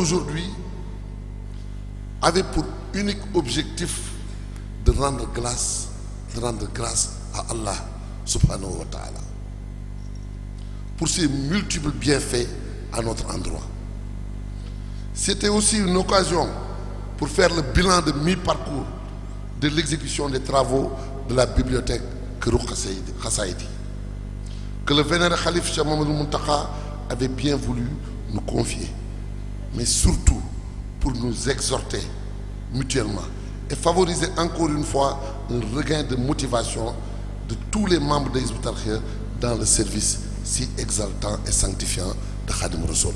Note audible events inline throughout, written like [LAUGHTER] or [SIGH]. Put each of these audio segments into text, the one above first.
aujourd'hui avait pour unique objectif de rendre grâce, de rendre grâce à Allah subhanahu pour ses multiples bienfaits à notre endroit. C'était aussi une occasion pour faire le bilan de mi-parcours de l'exécution des travaux de la bibliothèque Kruq que le vénéré Khalif Shah Mohamed Muntaka avait bien voulu nous confier mais surtout pour nous exhorter mutuellement et favoriser encore une fois un regain de motivation de tous les membres de Tarkhir dans le service si exaltant et sanctifiant de Khadim Rasoul.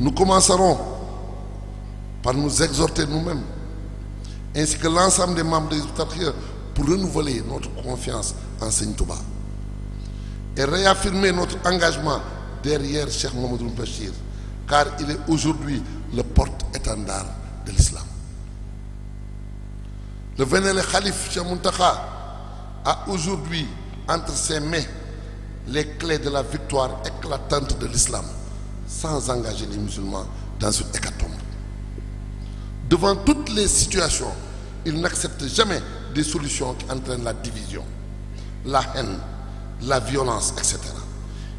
Nous commencerons par nous exhorter nous-mêmes, ainsi que l'ensemble des membres de Tarkhir pour renouveler notre confiance en Seigne Touba et réaffirmer notre engagement derrière Cheikh Mamadou Bachir car il est aujourd'hui le porte-étendard de l'islam. Le vénéré calife Chamuntaka a aujourd'hui entre ses mains les clés de la victoire éclatante de l'islam sans engager les musulmans dans une hécatombe. Devant toutes les situations, il n'accepte jamais des solutions qui entraînent la division, la haine, la violence, etc.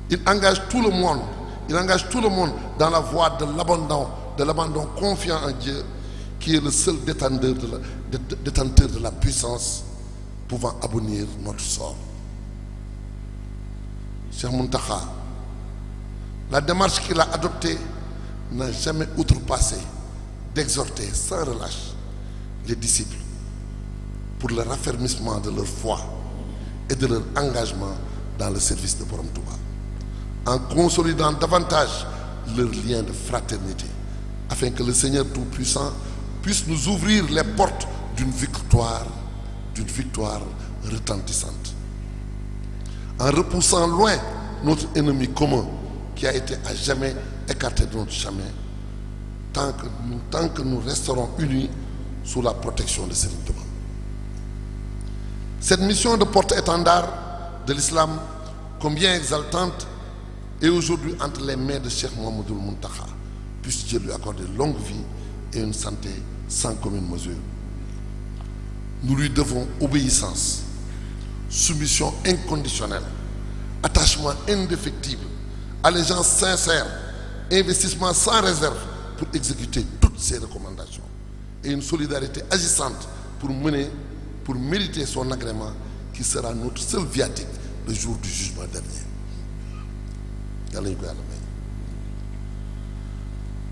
Il engage tout le monde il engage tout le monde dans la voie de l'abandon, de l'abandon confiant en Dieu, qui est le seul détenteur de la, puissance pouvant abonner notre sort. Cheikh Muntaha, la démarche qu'il a adoptée n'a jamais outrepassé d'exhorter sans relâche les disciples pour le raffermissement de leur foi et de leur engagement dans le service de Borom Touba en consolidant davantage leur lien de fraternité, afin que le Seigneur Tout-Puissant puisse nous ouvrir les portes d'une victoire, d'une victoire retentissante. En repoussant loin notre ennemi commun qui a été à jamais écarté de notre chemin, tant que nous, tant que nous resterons unis sous la protection de Seigneur. Cette mission de porte-étendard de l'islam, combien exaltante, et aujourd'hui entre les mains de Cheikh Mohamedou Muntaha. Puisse Dieu lui accorder longue vie et une santé sans commune mesure. Nous lui devons obéissance, soumission inconditionnelle, attachement indéfectible, allégeance sincère, investissement sans réserve pour exécuter toutes ses recommandations et une solidarité agissante pour mener, pour mériter son agrément qui sera notre seul viatique le jour du jugement dernier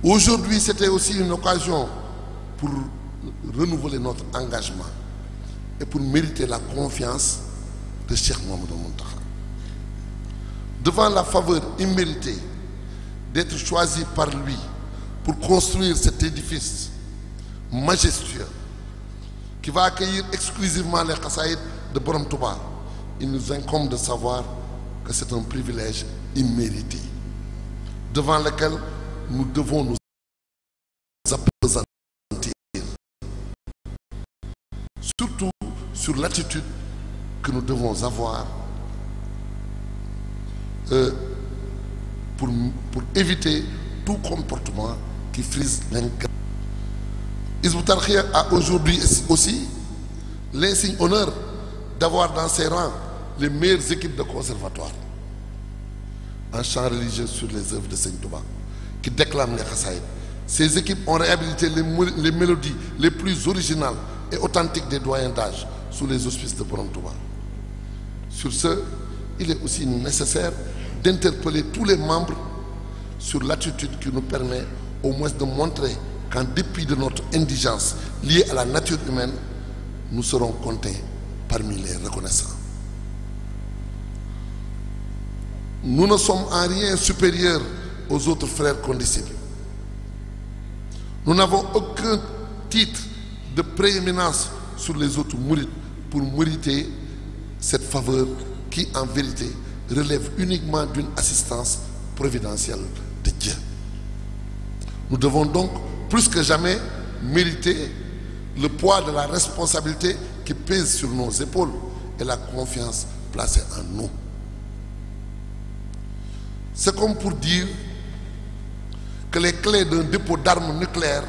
aujourd'hui c'était aussi une occasion pour renouveler notre engagement et pour mériter la confiance de Cheikh Mamadou devant la faveur imméritée d'être choisi par lui pour construire cet édifice majestueux qui va accueillir exclusivement les Kassaïd de Borom Il nous incombe de savoir que c'est un privilège immérité, devant lequel nous devons nous appesantir. Surtout sur l'attitude que nous devons avoir euh, pour, éviter tout comportement qui frise l'incarnation. Isboutarkhia a aujourd'hui aussi l'insigne honneur d'avoir dans ses rangs les meilleures équipes de conservatoire un chant religieux sur les œuvres de saint thomas qui déclame les Khassaïd. Ces équipes ont réhabilité les, mélodies les plus originales et authentiques des doyens d'âge sous les auspices de Brom-Thomas. Sur ce, il est aussi nécessaire d'interpeller tous les membres sur l'attitude qui nous permet au moins de montrer qu'en dépit de notre indigence liée à la nature humaine, nous serons comptés parmi les reconnaissants. Nous ne sommes en rien supérieurs aux autres frères condisciples. Nous n'avons aucun titre de prééminence sur les autres pour mériter cette faveur qui, en vérité, relève uniquement d'une assistance providentielle de Dieu. Nous devons donc, plus que jamais, mériter le poids de la responsabilité qui pèse sur nos épaules et la confiance placée en nous. C'est comme pour dire que les clés d'un dépôt d'armes nucléaires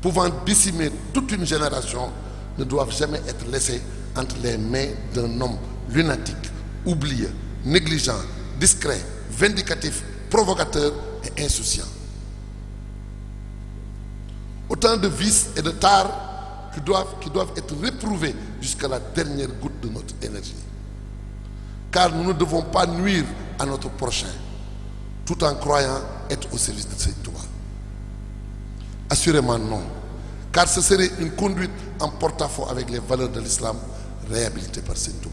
pouvant décimer toute une génération ne doivent jamais être laissées entre les mains d'un homme lunatique, oublié, négligent, discret, vindicatif, provocateur et insouciant. Autant de vices et de tares qui doivent, qui doivent être réprouvés jusqu'à la dernière goutte de notre énergie car nous ne devons pas nuire à notre prochain, tout en croyant être au service de cette touba Assurément non, car ce serait une conduite en porte-à-faux avec les valeurs de l'islam réhabilitées par cette toi.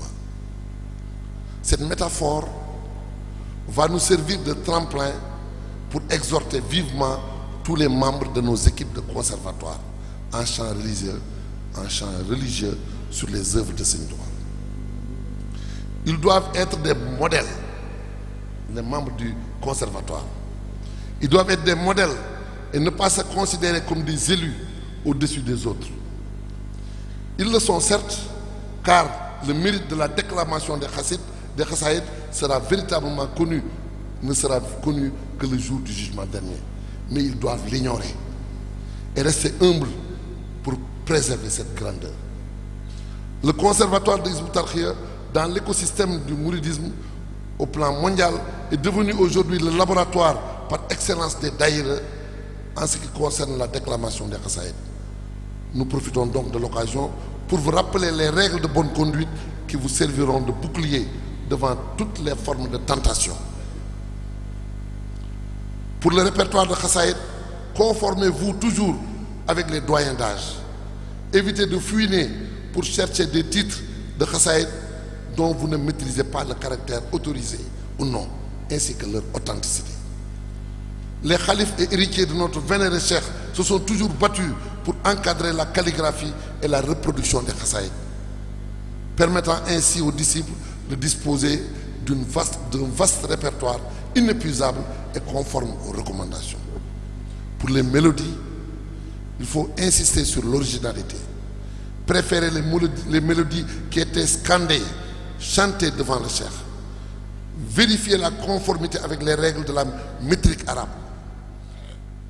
Cette métaphore va nous servir de tremplin pour exhorter vivement tous les membres de nos équipes de conservatoire en chant religieux, chant religieux sur les œuvres de saint touba ils doivent être des modèles, les membres du conservatoire. Ils doivent être des modèles et ne pas se considérer comme des élus au-dessus des autres. Ils le sont certes, car le mérite de la déclamation des Hassid, des sera véritablement connu, ne sera connu que le jour du jugement dernier. Mais ils doivent l'ignorer et rester humbles pour préserver cette grandeur. Le conservatoire de dans l'écosystème du mouridisme au plan mondial est devenu aujourd'hui le laboratoire par excellence des daïres en ce qui concerne la déclamation des Khassaïd. Nous profitons donc de l'occasion pour vous rappeler les règles de bonne conduite qui vous serviront de bouclier devant toutes les formes de tentation. Pour le répertoire de Khassaïd, conformez-vous toujours avec les doyens d'âge. Évitez de fuiner pour chercher des titres de Khassaïd dont vous ne maîtrisez pas le caractère autorisé ou non, ainsi que leur authenticité. Les khalifs et héritiers de notre vénéré recherche se sont toujours battus pour encadrer la calligraphie et la reproduction des chassaïs, permettant ainsi aux disciples de disposer d'un vaste, vaste répertoire inépuisable et conforme aux recommandations. Pour les mélodies, il faut insister sur l'originalité, préférer les mélodies qui étaient scandées chanter devant le chef vérifier la conformité avec les règles de la métrique arabe.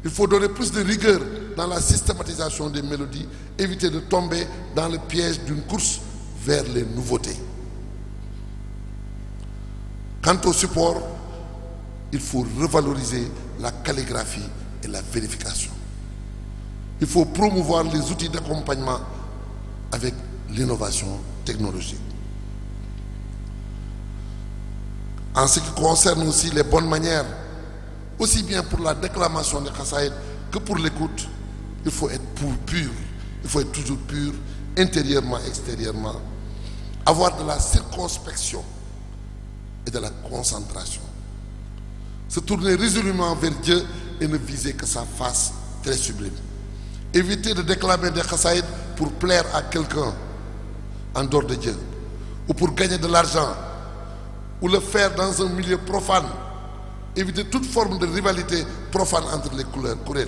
Il faut donner plus de rigueur dans la systématisation des mélodies, éviter de tomber dans le piège d'une course vers les nouveautés. Quant au support, il faut revaloriser la calligraphie et la vérification. Il faut promouvoir les outils d'accompagnement avec l'innovation technologique. en ce qui concerne aussi les bonnes manières, aussi bien pour la déclamation des Khassaïd que pour l'écoute, il faut être pour pur, il faut être toujours pur, intérieurement, extérieurement. Avoir de la circonspection et de la concentration. Se tourner résolument vers Dieu et ne viser que sa face très sublime. Éviter de déclamer des Khassaïd pour plaire à quelqu'un en dehors de Dieu ou pour gagner de l'argent ou le faire dans un milieu profane. Éviter toute forme de rivalité profane entre les couleurs, courelles.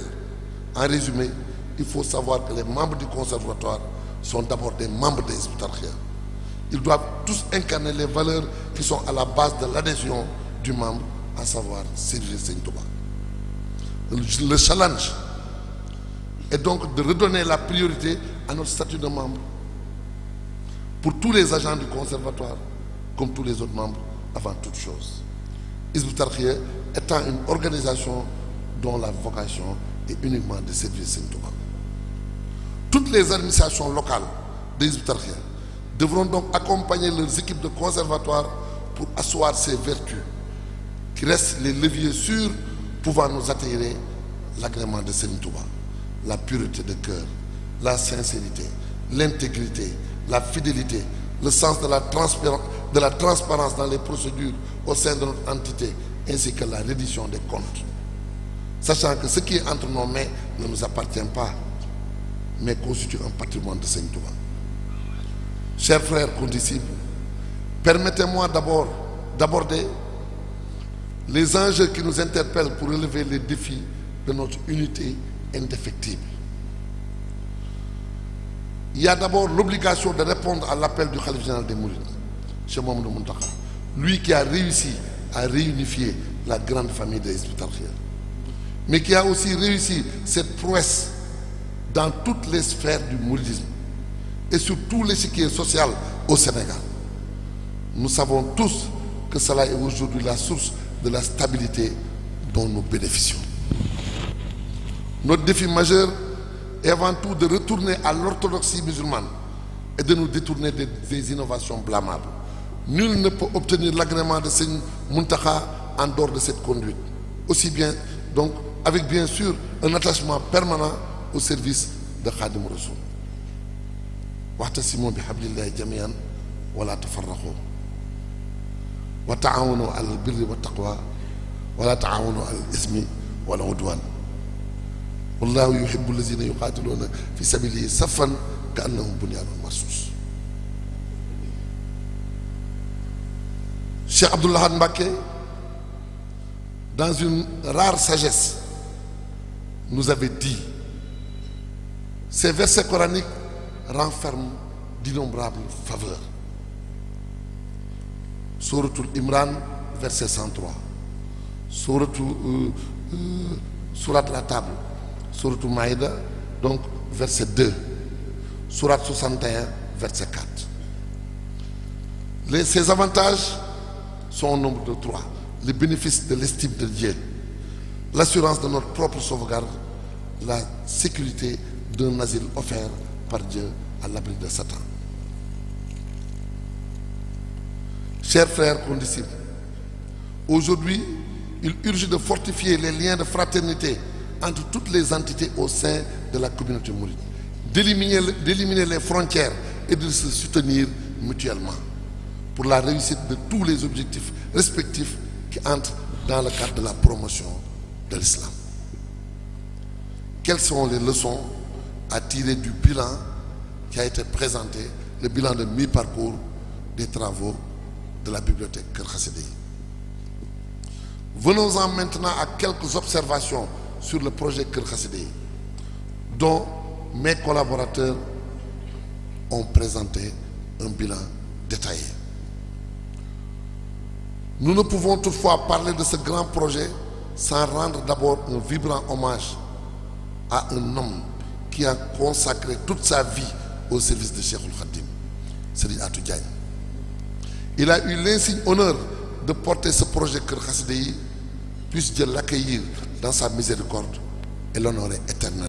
En résumé, il faut savoir que les membres du conservatoire sont d'abord des membres des Tarkia. Ils doivent tous incarner les valeurs qui sont à la base de l'adhésion du membre, à savoir servir saint Le challenge est donc de redonner la priorité à notre statut de membre pour tous les agents du conservatoire, comme tous les autres membres avant toute chose. Hizb étant une organisation dont la vocation est uniquement de servir Sintouba. Toutes les administrations locales de devront donc accompagner leurs équipes de conservatoire pour asseoir ces vertus qui restent les leviers sûrs pouvant nous attirer l'agrément de Sintouba, la pureté de cœur, la sincérité, l'intégrité, la fidélité, le sens de la transparence de la transparence dans les procédures au sein de notre entité, ainsi que la reddition des comptes. Sachant que ce qui est entre nos mains ne nous appartient pas, mais constitue un patrimoine de Saint-Touan. Chers frères condisciples, permettez-moi d'abord d'aborder les enjeux qui nous interpellent pour relever les défis de notre unité indéfectible. Il y a d'abord l'obligation de répondre à l'appel du Khalif général de Mourides chez Mohamed Lui qui a réussi à réunifier la grande famille des islamistes, Mais qui a aussi réussi cette prouesse dans toutes les sphères du moudisme et sur tout l'échiquier social au Sénégal. Nous savons tous que cela est aujourd'hui la source de la stabilité dont nous bénéficions. Notre défi majeur est avant tout de retourner à l'orthodoxie musulmane et de nous détourner des innovations blâmables. Nul ne peut obtenir l'agrément de Seigneur Muntaha en dehors de cette conduite. Aussi bien, donc, avec bien sûr un attachement permanent au service de Khadim Rasoul. Simon bihablillahi jamian wala la tafarrakho. Wa ta'awunu al birri wa taqwa al ismi wala udwan. Wallahu yuhibbu lazina yuqatiluna fi sabili saffan masous. Cheikh Abdullah Mbake... dans une rare sagesse, nous avait dit ces versets coraniques renferment d'innombrables faveurs. Suratul Imran, verset 103. Suratul, euh, euh, Surat la table. Suratul Maïda, donc verset 2. Surat 61, verset 4. ces avantages sont au nombre de trois. les bénéfices de l'estime de Dieu, l'assurance de notre propre sauvegarde, la sécurité d'un asile offert par Dieu à l'abri de Satan. Chers frères condisciples, aujourd'hui, il urge de fortifier les liens de fraternité entre toutes les entités au sein de la communauté mouride, d'éliminer les frontières et de se soutenir mutuellement pour la réussite de tous les objectifs respectifs qui entrent dans le cadre de la promotion de l'islam. Quelles sont les leçons à tirer du bilan qui a été présenté, le bilan de mi-parcours des travaux de la bibliothèque Kerkhassidei Venons-en maintenant à quelques observations sur le projet Kerkhassidei, dont mes collaborateurs ont présenté un bilan détaillé. Nous ne pouvons toutefois parler de ce grand projet sans rendre d'abord un vibrant hommage à un homme qui a consacré toute sa vie au service de Cheikh Khadim, Seri Atou Il a eu l'insigne honneur de porter ce projet que Khassidei puisse l'accueillir dans sa miséricorde et l'honorer éternellement.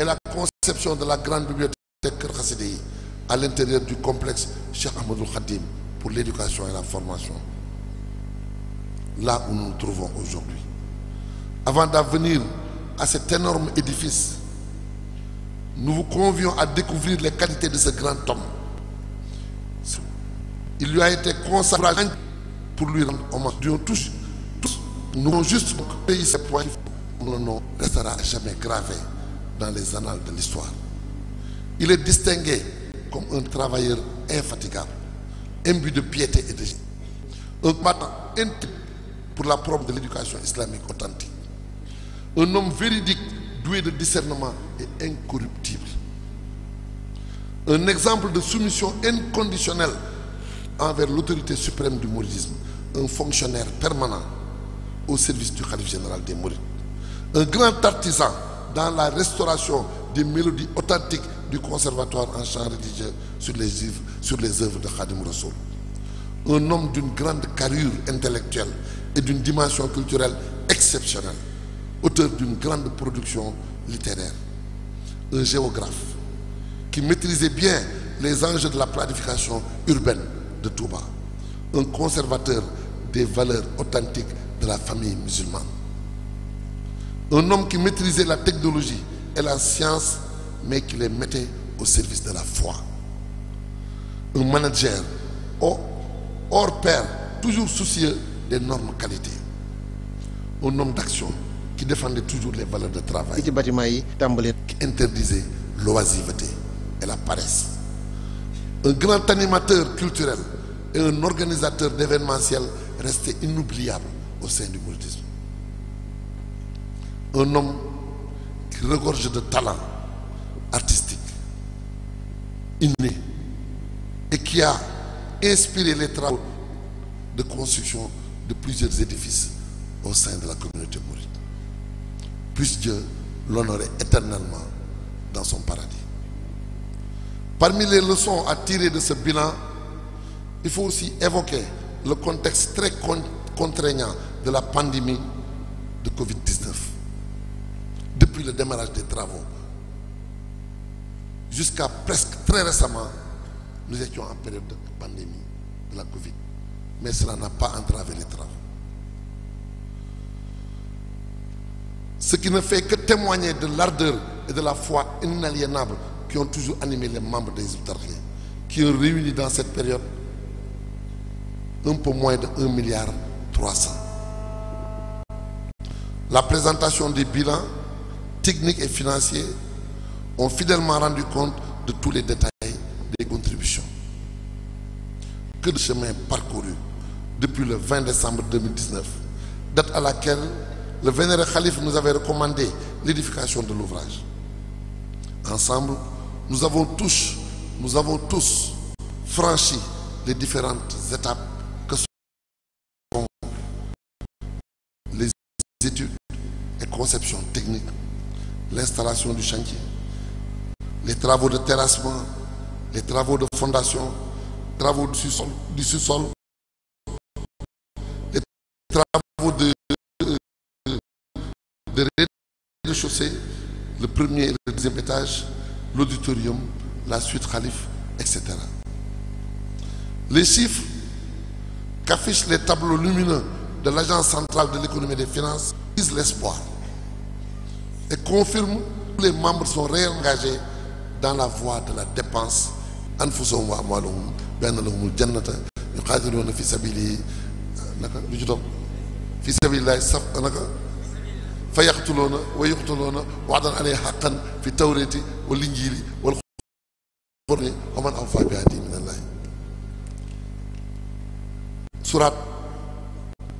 et la conception de la grande bibliothèque Khassidi à l'intérieur du complexe Cheikh Ahmadou Khadim pour l'éducation et la formation. Là où nous nous trouvons aujourd'hui. Avant d'avenir à cet énorme édifice, nous vous convions à découvrir les qualités de ce grand homme. Il lui a été consacré pour lui rendre hommage. Nous tous, nous avons juste pays ce point, le nom restera jamais gravé dans les annales de l'histoire. Il est distingué comme un travailleur infatigable, imbu de piété et de un combattant intime pour la preuve de l'éducation islamique authentique. Un homme véridique, doué de discernement et incorruptible. Un exemple de soumission inconditionnelle envers l'autorité suprême du mouridisme. Un fonctionnaire permanent au service du calife général des Mourides. Un grand artisan dans la restauration des mélodies authentiques du conservatoire en chant rédigé sur les œuvres, sur les de Khadim Rasoul, Un homme d'une grande carrure intellectuelle et d'une dimension culturelle exceptionnelle, auteur d'une grande production littéraire. Un géographe qui maîtrisait bien les enjeux de la planification urbaine de Touba. Un conservateur des valeurs authentiques de la famille musulmane un homme qui maîtrisait la technologie et la science, mais qui les mettait au service de la foi. Un manager hors pair, toujours soucieux des normes qualité. Un homme d'action qui défendait toujours les valeurs de travail, qui interdisait l'oisiveté et la paresse. Un grand animateur culturel et un organisateur d'événementiel restait inoubliable au sein du politisme un homme qui regorge de talent artistique inné et qui a inspiré les travaux de construction de plusieurs édifices au sein de la communauté maurite. Puisse Dieu l'honorer éternellement dans son paradis. Parmi les leçons à tirer de ce bilan, il faut aussi évoquer le contexte très contraignant de la pandémie de Covid-19 le démarrage des travaux. Jusqu'à presque très récemment, nous étions en période de pandémie de la Covid. Mais cela n'a pas entravé les travaux. Ce qui ne fait que témoigner de l'ardeur et de la foi inaliénable qui ont toujours animé les membres des Outarriens, qui ont réuni dans cette période un peu moins de 1 milliard 300. La présentation du bilans techniques et financiers ont fidèlement rendu compte de tous les détails des contributions. Que le chemin parcouru depuis le 20 décembre 2019, date à laquelle le vénéré calife nous avait recommandé l'édification de l'ouvrage. Ensemble, nous avons tous, nous avons tous franchi les différentes étapes que sont les études et conceptions techniques l'installation du chantier, les travaux de terrassement, les travaux de fondation, les travaux du sous-sol, les travaux de, de, de rez-de-chaussée, le premier et le deuxième étage, l'auditorium, la suite Khalif, etc. Les chiffres qu'affichent les tableaux lumineux de l'Agence centrale de l'économie et des finances disent l'espoir et confirme que les membres sont réengagés dans la voie de la dépense 9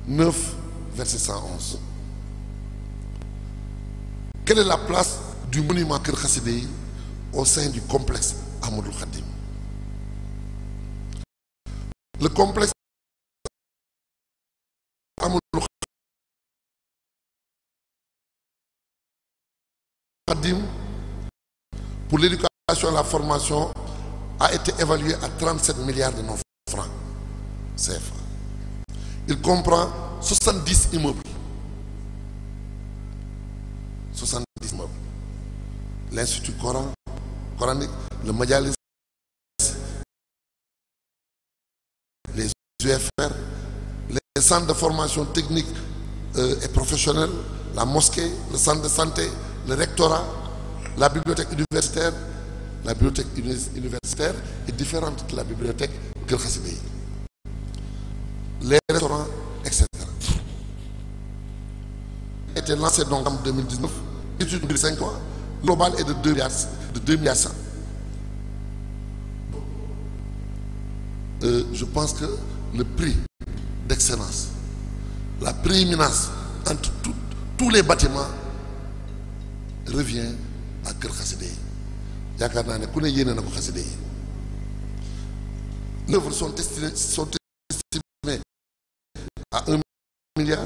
euh, verset 111 quelle est la place du monument Kir au sein du complexe Amadou Khadim Le complexe Amadou Khadim pour l'éducation et la formation a été évalué à 37 milliards de francs CFA. Il comprend 70 immeubles 70 L'Institut Coran, coranique, le Majalis, les UFR, les centres de formation technique euh, et professionnelle, la mosquée, le centre de santé, le rectorat, la bibliothèque universitaire. La bibliothèque universitaire est différente de la bibliothèque Kirkhasibéi. Les restaurants, etc été lancé donc en 2019, 2005, de est de 2 de 2 euh, je pense que le prix d'excellence, la prééminence entre tous les bâtiments revient à Kër il y a ne l'œuvre sont estimées à 1 milliard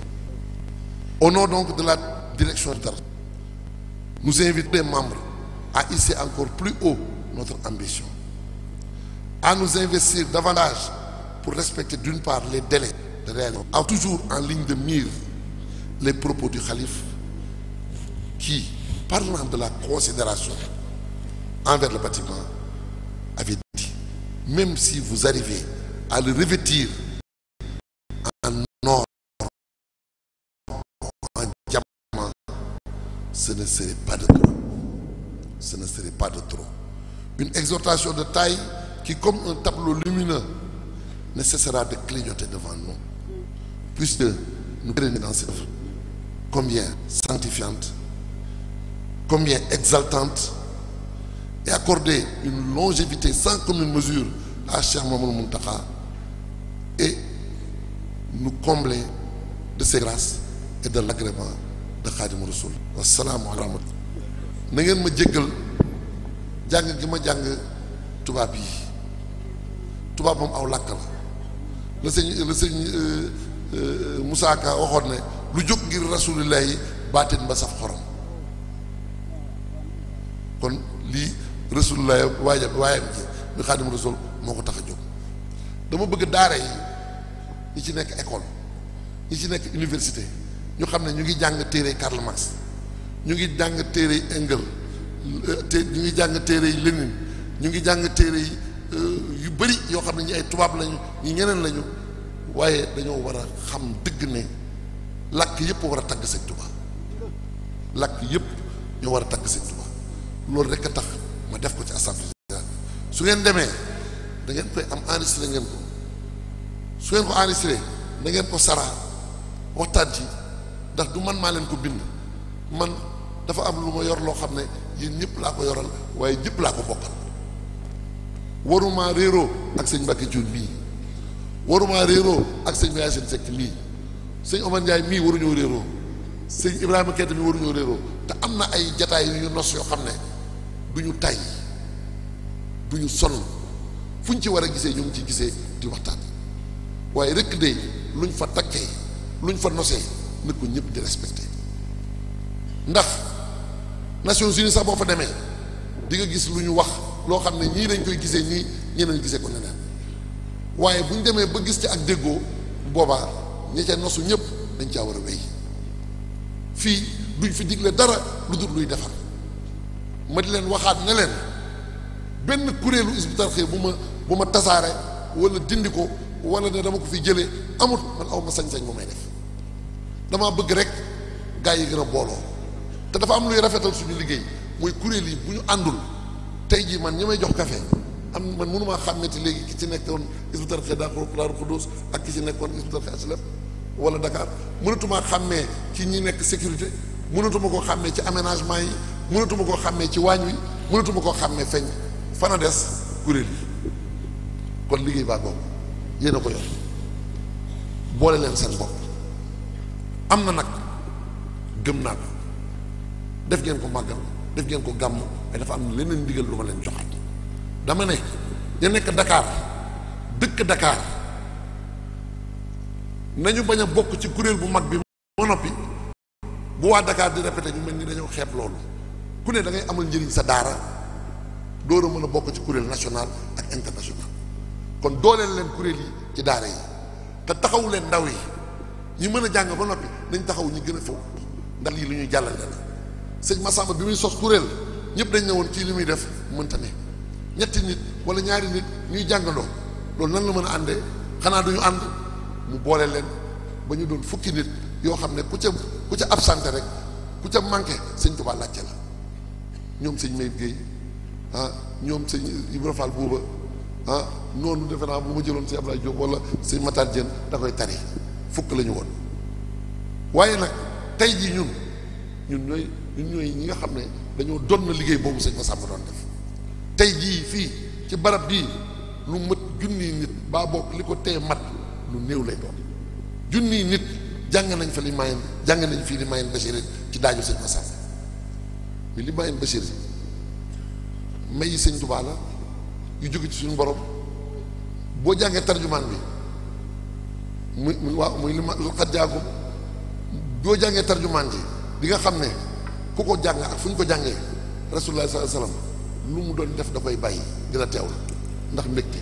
Au nom donc de la direction d'art, nous invitons les membres à hisser encore plus haut notre ambition, à nous investir davantage pour respecter d'une part les délais de réalisation, à toujours en ligne de mire les propos du calife qui, parlant de la considération envers le bâtiment, avait dit, même si vous arrivez à le revêtir ce ne serait pas de trop. Ce ne serait pas de trop. Une exhortation de taille qui, comme un tableau lumineux, ne cessera de clignoter devant nous. Puisque nous créons dans cette combien sanctifiante, combien exaltante, et accorder une longévité sans commune mesure à Cheikh Mamoun Muntaka et nous combler de ses grâces et de l'agrément de Khadim Rasoul. wasalaamualeykum na ngeen ma jéggal jàng gi ma jàng tubaab yi tubaab moom aw làkk la la sëñ la sëñ euh, euh, Moussa Ka waxoon ne lu jóg ngir rasulillah yi baatin ba sax xorom kon lii rasulillah waaja waaye ji muy xaadim rasul moo ko tax a jóg dama bëgg daara yi ñi ci nekk école ñi ci nekk université ñu xam ne ñu ngi jàng téere Karl ñu ngi jàng téere yi Engels te ñu ngi jàng téere yi Lénine ñu ngi jàng téere yi euh, yu bëri yoo xam ne ñi ay tubaab lañu ñi ñeneen lañu waaye dañoo war a xam dëgg ne làkk yëpp war a tagg sëñ Tuubaa làkk yëpp ñoo war a tagg sëñ Tuubaa loolu rek a tax ma def ko ci assemblée su ngeen demee da ngeen koy am enregistré ngeen ko su ngeen ko enregistré na ngeen ko saraa waxtaan ci ndax du man maa leen ko bind man dafa am lu ma yor loo xam ne yéen ñëpp laa ko yoral waaye ñëpp laa ko bokkal waruma réeroo ak sëñ Mbacke Diouf mii waruma réeroo ak sëñ Yacine Seck mii sëñ Omar njaay mii waruñoo réeroo sëñ Ibrahima Keita mii waruñoo réeroo te am na ay jataay yu ñu nos yoo xam ne du ñu tay du ñu sonn fu ñu ci war a gisee ñu ngi ci gisee di waxtaan waaye rek de luñ fa takkee luñ fa nosee nit ko ñëpp di respecté. ndax Nations Unies sax boo fa demee di nga gis lu ñu wax loo xam ne ñii dañ koy gisee ñii ñeneen gisee ko neneen waaye bu ñu demee ba gis ci ak déggoo boobaa ña ca nosu ñëpp dañ caa war a wéy fii duñ fi digle dara lu dul luy defar ma di leen waxaat ne leen benn kuréelu Hizbut Tarqiyyah bu ma bu ma tasaare walla dindi ko wala ne dama ko fi jëlee amut man aw ma sañ-sañ bu may def damaa bëgg rek gaa yi gën a booloo te dafa am luy rafetal suñu liggéey mooy kuréel yi bu ñu àndul tey jii man ñi may jox café am man mënumaa xàmmeti léegi ki ci nekkoon Hizbut Tarqiyyah Daaru Xudoos ak ki ci nekkoon Hizbut Tarqiyyah Aslem wala Dakar mënatumaa xàmmee ci ñi nekk sécurité mënatuma koo xàmmee ci aménagement yi mënatuma koo xàmmee ci waañ wi mënatuma koo xàmmee feeñ fana des kuréel yi kon liggéey baa boobu yéen a ko yor boole leen seen bopp am na nag gëm naa ko def ngeen ko màggal def ngeen ko gàmm mais dafa am leneen ndigal lu ma leen joxaat dama ne ñu nekk dakaar dëkk Dakar nañu bañ a bokk ci kuréel bu mag bi moo noppi bu waa Dakar di répété ñu mel ni dañoo xeeb loolu ku ne da ngay amal njëriñ sa daara door a mën a bokk ci kuréel national ak international kon dooleel leen kuréel yi ci daara yi te taxawu leen ndaw yi ñi mën a jàng ba noppi nañ taxaw ñi gën a faw ndax lii lu ñuy jàllale la sëñ Massamba bi muy sos kuréel ñëpp dañ ne woon kii li muy def mënta ne ñetti nit wala ñaari nit ñuy jàngandoo loolu nan la mën a àndee xanaa duñu ànd mu boole leen ba ñu doon fukki nit yoo xam ne ku ca ku ca absenté rek ku ca manqué sëñ Tuubaa laajte la ñoom sëñ Mayib Guèye ah, ñoom sëñ Ibra Fall Buuba ah noonu defe naa bu ma jëloon si Ablaye Diop wala sëñ Matar Diène da koy tari fukk lañu ñu woon waaye nag tey jii ñun ñun ñooy ñun ñooy ñi nga xam ne dañoo doon na liggéey boobu sëñ Massamba doon def tey jii fii ci barab bii lu mat junniy nit baa bokk li ko tee mat lu néew lay doon junniy nit jàng nañ fa li mayen jàng nañ fii li mayen Bachir ci daaju sëñ Massamba mais li mayen Bachir mayi sëñ Tuubaa yu jóge ci suñu borom boo jàngee tarjumaan bi muy muy waaw muy li ma xat boo jàngee tarjumaan ji di nga xam ne ku ko jàng ak fuñ ko jangé rasulullah sallallahu alaihi wasallam lu mu doon def da koy bayyi dina tew ndax mbégte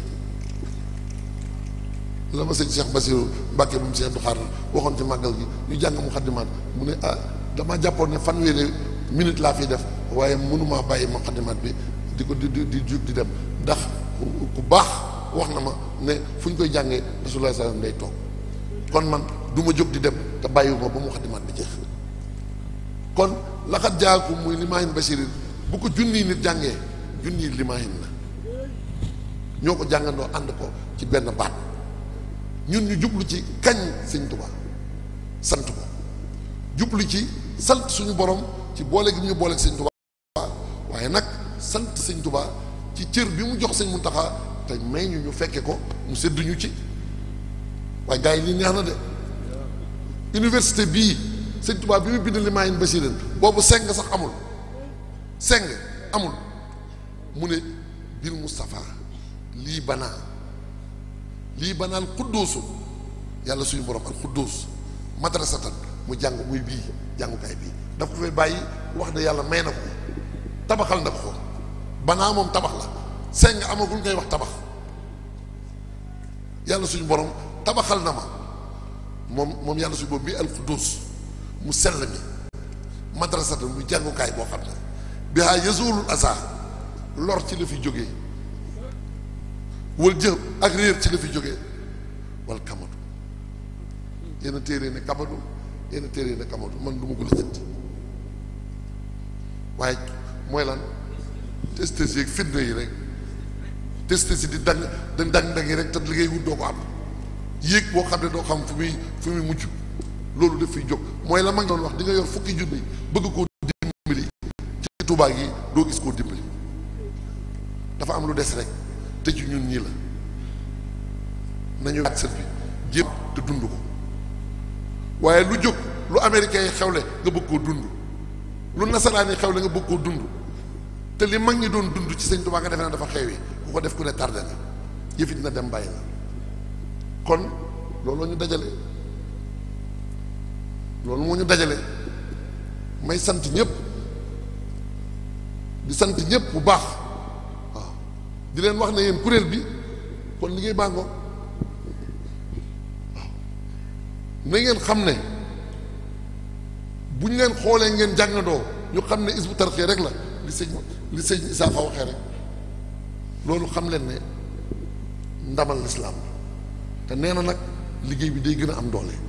la ma sëñ Cheikh Basirou mbacké mum Cheikh bukhar waxon ci magal gi ñu jang mu xaddimaat mu ne ah dama jappone fan wéré minute la fi def waaye mënumaa bayyi mu xaddimaat bi di di di juk di dem ndax ku bax waxna ma ne fuñ koy jangé rasulullah sallallahu alaihi wasallam day tok kon man duma juk di dem te bàyyiwuma ba mu xaddimaat bi jeex kon laxat jaakum muy limaahin basirin bu ko junniy nit jàngee junniy limaahin la ñoo ko jàngandoo ànd ko ci benn baat ñun ñu jublu ci kañ sëñ Tuubaa sant ko jublu ci sant suñu borom ci boole gi ñu boole sëñ Tuubaa waaye nag sant sëñ Tuubaa ci cër bi mu jox sëñ taxa te may ñu ñu fekke ko mu sédduñu ci waaye gars lii neex na de université bii sëñ Tuubaa bi mu bind li maayin basiiran boobu seng sax amul seng amul mu ne bil Moustapha lii banaa lii banaal xuddoosu yàlla suñu borom al xuddoos mu jàng muy bii jàngukaay bii daf ko fay bàyyi wax ne yàlla may na ko tabaxal na ko banaa moom tabax la seng amagul ngay wax tabax yàlla suñu borom tabaxal na ma moom moom yàlla suñu borom bii al xuddoos mu sell mi madrasata mu jàngukaay boo xam ne bihaa yësuwulul asa lor ci la fi jógee wal jëm ak réer ci la fi jógee wal kamadu yenn a téere ne kamadu téere ne kamadu man du ma ko lijjanti waaye mooy lan testé si yeeg fitna yi rek testé si di dang da dang-dang yi rek te liggéey wut doo ko am yéeg boo xam ne doo xam fu muy fu muy mujj loolu daf fiy jóg mooy la mag doon wax di nga yor fukki junni bëgg koo dimbali ci Tuubaa gi doo gis koo dimbali dafa am lu des rek te ci ñun ñii la nañu sët bi jéem te dund ko waaye lu jóg lu américain yi xewle nga bëgg koo dund lu nasaraan yi xewle nga bëgg koo dund te li mag ñi doon dund ci sëñ Tuubaa nga defe naa dafa xewi ku ko def ku ne tardé na yëfit na dem bàyyi la kon looloo ñu dajale loolu moo ñu dajale may sant ñëpp di sant ñëpp bu baax waaw di leen wax na yéen kuréel bi kon liggéey baa ngoog waaw na ngeen xam ne bu ñu leen xoolee ngeen jàngandoo ñu xam ne Hizbut Tarqiyyah rek la li sëñ li sëñ Issa Fa waxee rek loolu xam leen ne ndamal lislaam te nee na nag liggéey bi day gën a am doole.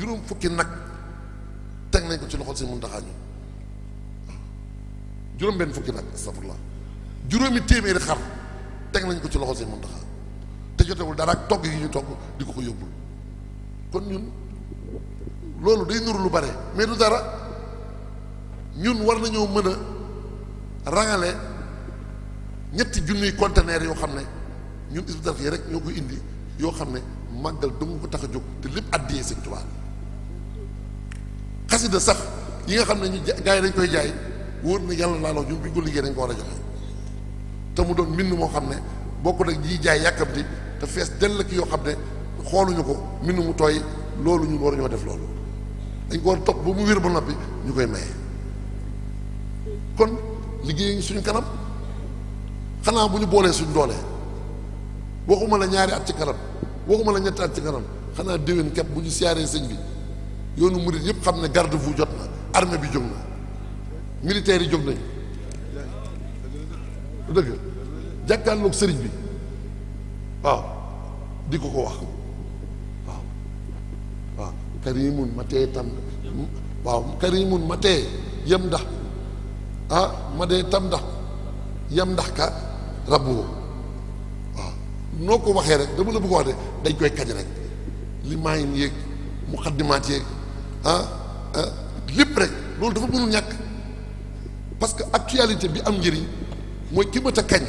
juróom fukki nag teg nañ ko ci loxol sëñ Muntaxa ñun juróom benn fukki nag astafurlah juróomi téeméeri xar teg nañ ko ci loxol sëñ Muntaxa te jotewul dara ak togg yi ñu togg di ko ko yóbbul kon ñun loolu day nuru lu bare mais du dara ñun war nañoo mën a rangale ñetti junniy conteneurs yoo xam ne ñun Hizbut Tarqiyyah rek ñoo koy indi yoo xam ne màggal danga ko tax a jóg te lépp àddiyee Sëñ xasida sax yi nga xam ne ñu gaa yi dañ koy jaay wóor na yàlla laaloo ñu bi ko liggéey dañ ko war a joxe te mu doon mbind moo xam ne bokk nag yi jaay yàkkamti te fees dell ki yoo xam ne xooluñu ko mbind mu tooy loolu ñu war ñoo def loolu dañ ko war a topp ba mu wér ba noppi ñu koy maye kon liggéey ngi suñu kanam xanaa bu ñu boolee suñu doole waxuma la ñaari at ci kanam waxuma la ñetti at ci kanam xanaa déwén képp bu ñu siyaaree sëñ bi yoonu murit yépp xam ne garde vous jot na armée bi jóg na militaires yi jóg nañu dëgg jàkkaarloog sëriñ bi waaw di ko ko wax waaw waaw karimun ma tee tam waaw karimun ma tee yem ndax ah ma dee tam ndax yam ndax ka rabbu waaw noo ko waxee rek dama la bëgg wax de dañ koy kañ rek li maayin yéeg muqaddimaat yéeg Ah, ah lépp rek loolu dafa mënul ñàkk parce que actualité bi am njëriñ mooy ki mët a kañ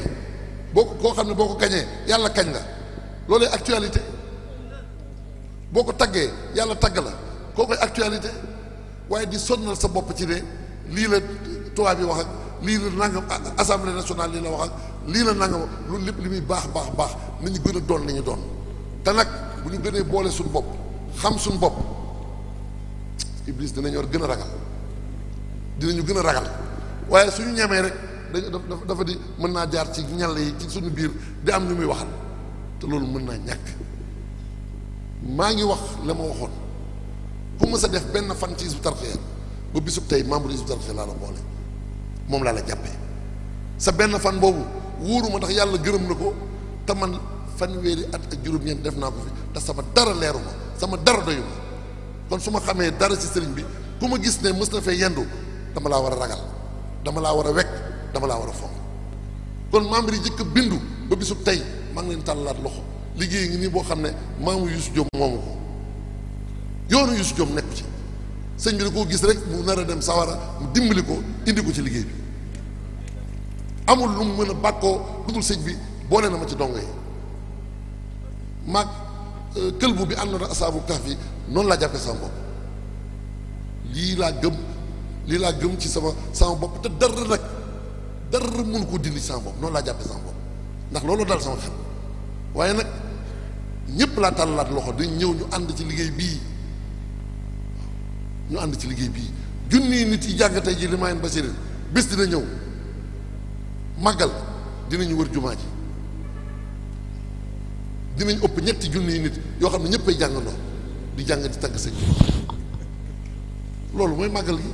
boo ko koo xam ne boo ko kañee yàlla kañ la loolay actualité boo ko taggee yàlla tagg la koo koy actualité waaye di sonnal sa bopp ci ne lii la tubaab yi wax ak lii la nangam assemblée nationale lii la wax ak lii la nangam loolu lépp li muy baax baax baax nañu gën a doon li ñu doon te nag bu ñu gënee boole suñ bopp xam suñu bopp iblis dinañu war gën a ragal dinañu gën a ragal waaye suñu ñemee rek dafa dafa di mën naa jaar ci ñal yi ci suñu biir di am ñu muy waxal te loolu mën naa ñàkk maa ngi wax la ma waxoon ku mës a def benn fan ci Hizbut Tarqiyyah ba bisub tey membre Hizbut Tarqiyyah laa la boole moom laa la jàppee sa benn fan boobu ma ndax yàlla gërëm na ko te man fan fanweeri at ak juróom-ñeent def naa ko fi te sama dara leeruma sama dara doyuma kon su ma xamee dara ci sëriñ bi ku ma gis ne mës na fee yendu dama laa war a ragal dama laa war a wekk dama laa war a fonk kon membre yi jëkk bindu ba bisub tey maa ngi leen tàllalaat loxo liggéey ngi nii boo xam ne maamu Youssou Diop moomu ko yoonu Youssou Diop nekku ci sëñ bi da koo gis rek mu nar a dem sawara mu dimbali ko indi ko ci liggéey bi amul lu mu mën a bàkkoo lu sëñ bi boole na ma ci dongo yi mag Euh, këlbu bi àndoon ak asaabu kahfi noonu laa jàppe sama bopp lii laa gëm lii laa gëm ci sama sama bopp te dara nag dara mun koo dindi sama bopp noonu laa jàppe sama bopp ndax loolu dal sama xel waaye nag ñëpp laa tàllalaat loxo dañ ñëw ñu ànd ci liggéey bii ñu ànd ci liggéey bii junni nit yi jàng tey ji li maayen basirin bés dina ñëw màggal dinañu wër jumaa ji dinañ ëpp ñetti junni nit yoo xam ne ñëppay jàngandoo di jàng di tagg sëñ loolu mooy màggal gi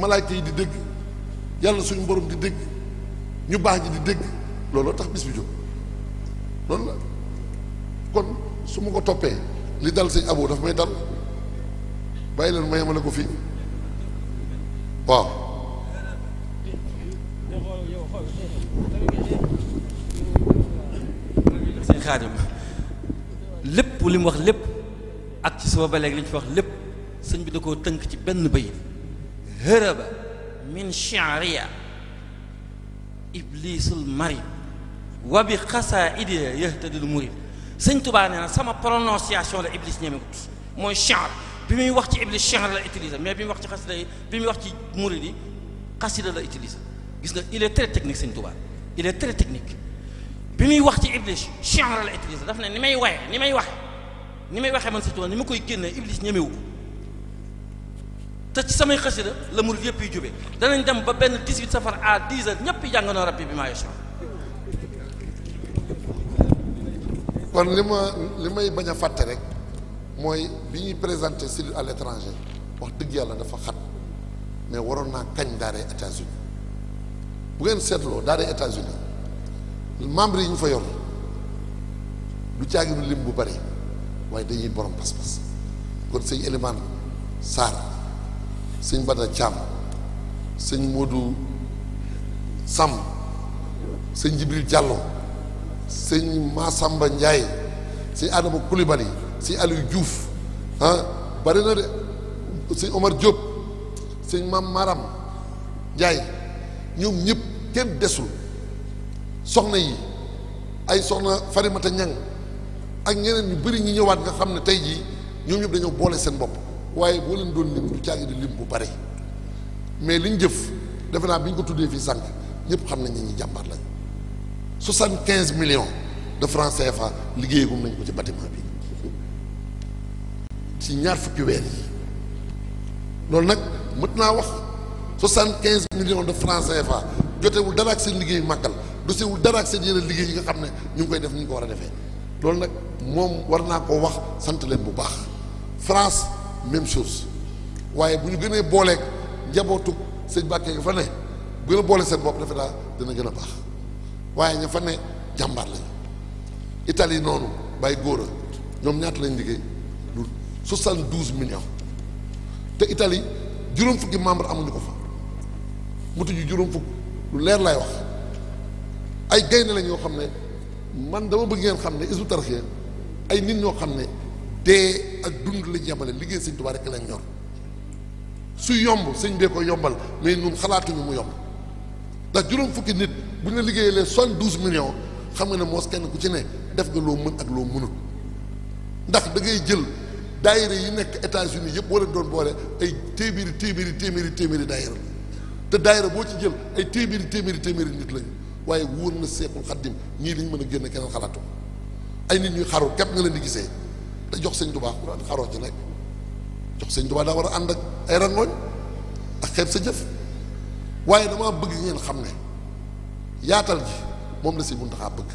malaayka yi di dégg yàlla suñu borom di dégg ñu baax ji di dégg looloo tax bis bi jóg loolu la kon su ma ko toppee li dal sëñ abou daf may dal bàyyi leen ma yemale ko fii waaw xaadim lépp li mu wax lépp ak ci suba ba léegi li ñu fi wax lépp sëñ bi da koo tënk ci benn bayit hërëba min shi'riya iblisul marib wa bi xasaidiya yahtadil murid sëñ tubaa nee sama prononciation la iblis ñemekut mooy shi'r bi muy wax ci iblis shi'r la utiliser mais bi muy wax ci xasida yi bi muy wax ci murid yi xasida la utiliser gis nga il est très technique sëñ tubaa il est très technique bi muy wax ci iblis chenre la utilise daf ne ni may waye ni may waxe ni may waxe man sa ni ma koy génne iblis ñemewu ko te ci samay xasida la murid yëpp yu jube danañ dem ba benn 18 safar à 10 heures ñëpp jàng na rabbi bi maa yosoo kon li ma li may bañ a fàtte rek mooy bi ñuy présenté cellule à l' étranger wax dëgg yàlla dafa xat mais waroon naa kañ daaree états unis bu ngeen seetloo daaree états unis membre yi ñu fa yor du caagi lim bu bari waaye dañuy borom pas-pas kon sëñ Eliman Sarr sëñ Bada Thiam sëñ Modou Sam sëñ Jibril Diallo sëñ Massamba njaay sëñ Adama Coulibaly sëñ Aliou Diouf ah bari na de sëñ Omar Diop sëñ Mam Maram njaay ñoom ñëpp kenn desul soxna yi ay soxna Farimata Ñang ak ñeneen ñu bëri ñi ñëwaat nga xam ne tey jii ñoom ñëpp dañoo boole seen bopp waaye boo leen doon lim du caagi di lim bu bare mais liñ jëf defe naa bi ñu ko tuddee fii sànq ñëpp xam nañ ne ñi jàmbaar lañ soixante quinze millions de francs CFA liggéeyagum nañ ko ci bâtiment bi ci ñaar fukki weer yi loolu nag mën naa wax soixante quinze millions de francs CFA jotewul dara ak seen liggéey màggal du siwul dara ak seen yeneen liggéey yi nga xam ne ñu ngi koy def ñu ko war a defee loolu nag moom war naa ko wax sant leen bu baax France même chose waaye bu ñu gënee booleeg njabootu sëñ Mbàkke nga fa ne bu gën a boole seen bopp defe daa gën a baax waaye ña fa ne jàmbaar lañu Italie noonu bàyyi góor ñoom ñaata lañ liggéey lu 72 millions te Italie juróom fukki membre amuñu ko fa mu tuju juróom fukk lu leer lay wax ay gaynde la yoo xam ne man dama bëgg ngeen xam ne Hizbut Tarqiyyah ay nit ñoo xam ne dee ak dund lañu yemale liggéey sëñ Tuubaa rek leen ñor su yomb sëñ bee ko yombal mais ñun xalaatuñu mu yomb ndax juróom fukki nit bu ñu la liggéeyalee soixante-douze xam nga ne moos kenn ku ci ne def nga loo mën ak loo mënut ndax dangay jël daayira yi nekk états uni yëpp wala doon boole ay téeméeri téeméeri téeméeri téeméeri daayira te daayira boo ci jël ay téeméeri téeméeri téeméeri nit lañu waaye wóor na seexul xaddim ñii liñ mën a génne keneen xalaatu ay nit ñuy xaru képp nga leen di gisee te jox sëñ tubaa ku daan xaroo ci nekk sëñ tubaa daa war a ànd ak ay sa jëf waaye damaa bëgg ngeen xam ne yaatal ji moom la si muntaxaa bëgg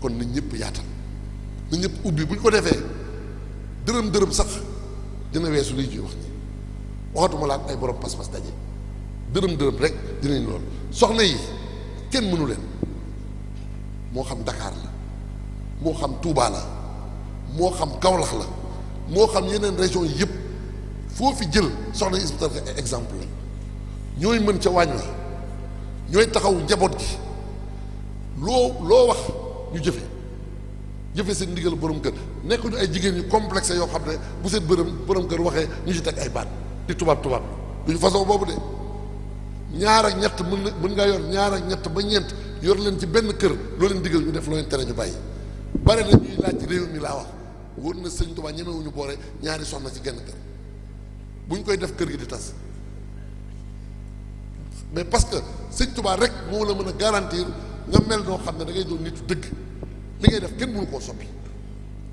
kon nit ñëpp yaatal nit ñëpp ubbi bu ñu ko defee dërëm dërëm sax dina weesu liy juy wax ni waxatuma laat ay borom pas-pas daje dërëm dërëm rek dinañ lool soxna yi kenn mënu leen moo xam Dakar la moo xam Touba la moo xam Kaolack la moo xam yeneen région yi yëpp foo fi jël soxna Hizbut Tarqiyyah exemple la ñooy mën ca waañ la ñooy taxaw njaboot gi loo loo wax ñu jëfe jëfe seen ndigal borom kër nekkuñu ay jigéen ñu complexe yoo xam ne bu seen bërëm borom kër waxee ñu ci teg ay baat di tubaab tubaab duñu façon boobu de ñaar ak ñett mën na mën ngaa yor ñaar ak ñett ba ñeent yor leen ci benn kër loo leen digal ñu def loo leen tere ñu bàyyi bare na ñuy laaj ci réew mi laa wax wóor na sëñ Tuubaa ñemewuñu boole ñaari soxna ci genn kër bu ñu koy def kër gi di tas mais parce que sëñ Tuubaa rek moo la mën a garantir nga mel noo xam ne da ngay doon nitu dëgg li ngay def kenn mënu koo soppi